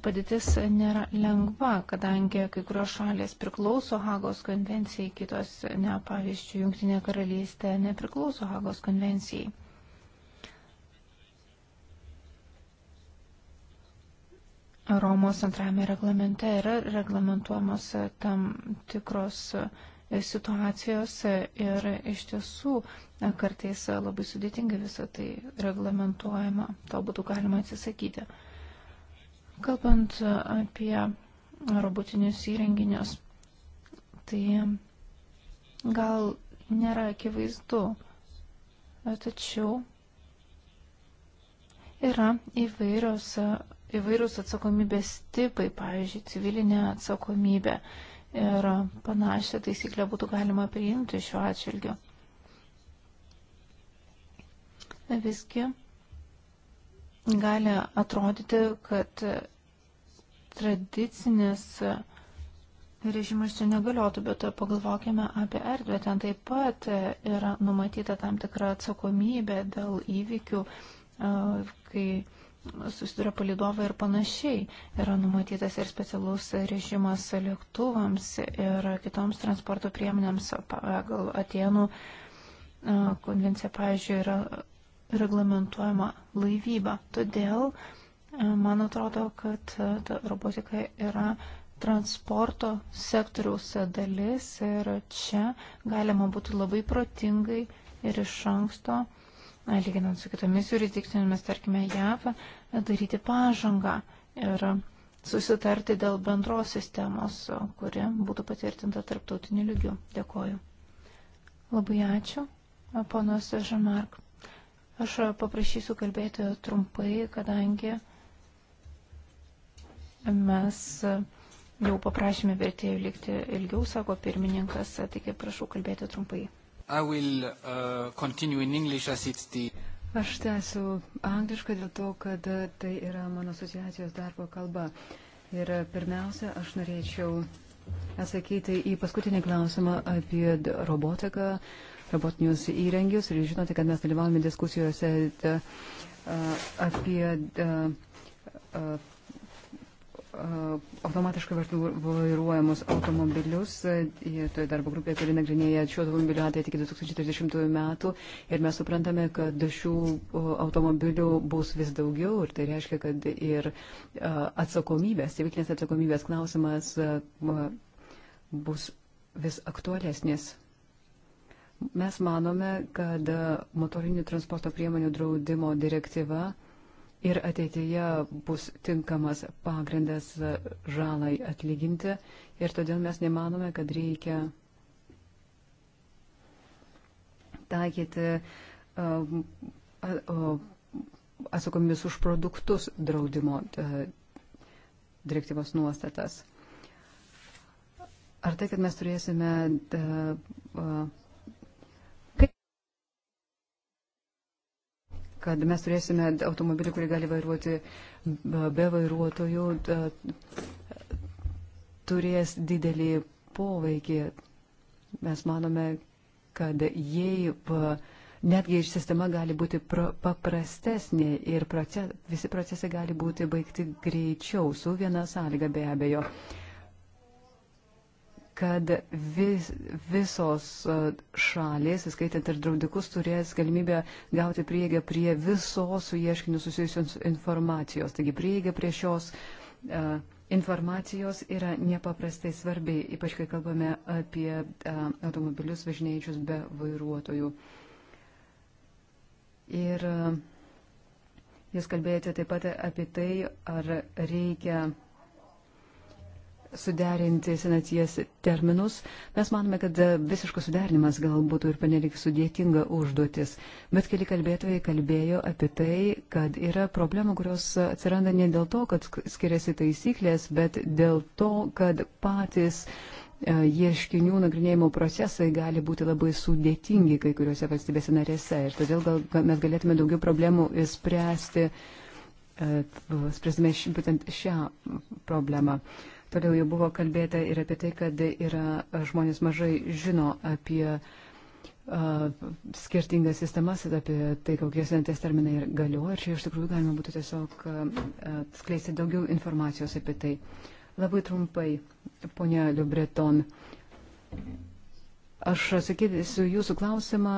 padėtis nėra lengva, kadangi kai kurios šalės priklauso Hagos konvencijai, kitos ne, pavyzdžiui, Junktinė karalystė nepriklauso Hagos konvencijai. Romos antrame reglamente yra reglamentuojamos e, tam tikros e, situacijos e, ir iš tiesų kartais labai sudėtingai visą tai reglamentuojama, to būtų galima atsisakyti. Kalbant apie robotinius įrenginius, tai gal nėra akivaizdu, tačiau yra įvairios įvairūs atsakomybės tipai, pavyzdžiui, civilinė atsakomybė. Ir panašią taisyklę būtų galima priimti šiuo atšilgiu. Visgi gali atrodyti, kad tradicinis režimas čia negaliotų, bet pagalvokime apie erdvę. Ten taip pat yra numatyta tam tikra atsakomybė dėl įvykių, kai susiduria palidovai ir panašiai. Yra numatytas ir specialus režimas lėktuvams ir kitoms transporto priemonėms pagal Atenų konvenciją, pavyzdžiui, yra reglamentuojama laivyba. Todėl man atrodo, kad ta robotika yra transporto sektoriaus dalis ir čia galima būtų labai protingai ir iš anksto uh, lyginant su kitomis jurisdikcijomis, tarkime, JAV, daryti pažangą ir susitarti dėl bendros sistemos, kuri būtų patvirtinta tarptautiniu lygiu. Dėkoju. Labai ačiū, ponas Žamark. Aš paprašysiu kalbėti trumpai, kadangi mes jau paprašėme vertėjų likti ilgiau, sako pirmininkas, taigi prašau kalbėti trumpai. I will uh, continue in English as it's the. Aš tęsiu angliškai dėl to, kad tai yra mano asociacijos darbo kalba. Ir pirmiausia, aš norėčiau atsakyti į paskutinį klausimą apie robotiką, robotinius įrengius. Ir žinote, kad mes dalyvavome diskusijose apie. Uh, uh, Uh, automatiškai vairuojamus automobilius. Uh, toje darbo grupėje, kuri nagrinėja šių automobilių ateitį iki 2030 metų. Ir mes suprantame, kad šių uh, automobilių bus vis daugiau. Ir tai reiškia, kad ir atsakomybės, civilinės atsakomybės klausimas bus vis aktualesnis. Mes manome, kad motorinių transporto priemonių draudimo direktyva uh, ir ateityje bus tinkamas pagrindas žalai atlyginti ir todėl mes nemanome, kad reikia taikyti atsakomis už produktus draudimo direktyvos nuostatas. Ar tai, kad mes turėsime da, uh, kad mes turėsime automobilį, kurį gali vairuoti be vairuotojų, turės didelį poveikį. Mes manome, kad jei netgi ir sistema gali būti paprastesnė ir proces, visi procesai gali būti baigti greičiau su viena sąlyga be abejo. Uh, kad vis, visos e, šalės, įskaitant ir draudikus, turės galimybę gauti prieigą prie visos su ieškiniu susijusios informacijos. Taigi prieiga prie šios uh, informacijos yra nepaprastai svarbi, ypač kai kalbame apie uh, automobilius važinėjančius be vairuotojų. Ir uh, jūs kalbėjote taip pat apie tai, ar reikia suderinti senaties terminus. Mes manome, kad visiškas suderinimas gal būtų ir panelik sudėtinga užduotis, bet keli kalbėtojai kalbėjo apie tai, kad yra problemų, kurios atsiranda ne dėl to, kad skiriasi taisyklės, bet dėl to, kad patys e, ieškinių nagrinėjimo procesai gali būti labai sudėtingi kai kuriuose valstybėse narėse ir todėl gal mes galėtume daugiau problemų spręsti, e, spręsime būtent šią problemą. Uh, Toliau jau buvo kalbėta ir apie tai, kad yra, žmonės mažai žino apie uh, skirtingas sistemas, apie tai, kokie sentės terminai galioja. Ir čia iš tikrųjų galima būtų tiesiog uh, skleisti daugiau informacijos apie tai. Labai trumpai, ponia Liubreton. Aš atsakysiu jūsų klausimą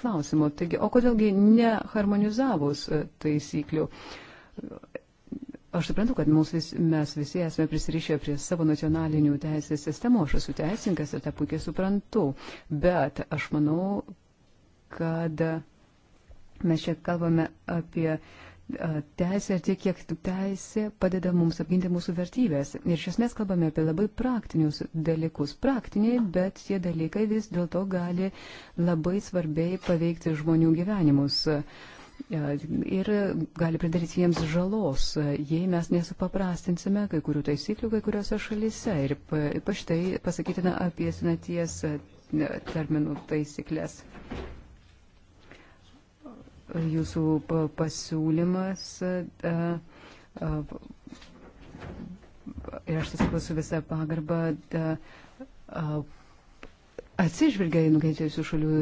klausimu. Taigi, o kodėlgi neharmonizavus taisyklių? Aš suprantu, kad vis, mes visi esame prisirišę prie savo nacionalinių teisės sistemų, aš esu teisinkas ir tą puikiai suprantu, bet aš manau, kad mes čia kalbame apie teisę ir tiek, kiek teisė padeda mums apginti mūsų vertybės. Ir iš esmės kalbame apie labai praktinius dalykus. Praktiniai, bet tie dalykai vis dėlto gali labai svarbiai paveikti žmonių gyvenimus. Uh, E, ir gali pridaryti jiems žalos, e, jei mes nesupaprastinsime kai kurių taisyklių kai kuriuose šalyse. Ir ypač tai pasakytina apie senaties e, terminų taisyklės. Jūsų pasiūlymas. Ir aš susipau su visą pagarbą. Da, a, atsižvelgia į nukentėjusių šalių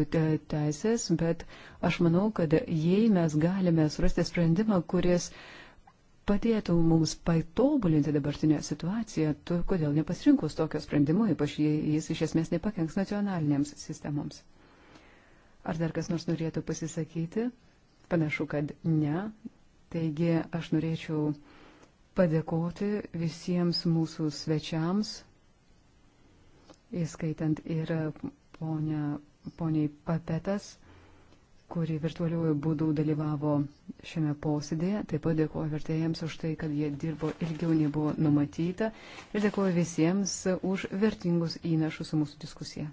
teisės, bet aš manau, kad jei mes galime surasti sprendimą, kuris padėtų mums patobulinti dabartinę situaciją, tu kodėl nepasirinkus tokio sprendimo, ypač jis iš esmės nepakenks nacionalinėms sistemoms. Ar dar kas nors norėtų pasisakyti? Panašu, kad ne. Taigi aš norėčiau padėkoti visiems mūsų svečiams, įskaitant ir ponia, poniai Papetas, kuri virtualiųjų būdų dalyvavo šiame posėdėje. Taip pat dėkoju vertėjams už tai, kad jie dirbo ilgiau nei buvo numatyta ir dėkoju visiems už vertingus įnašus į mūsų diskusiją.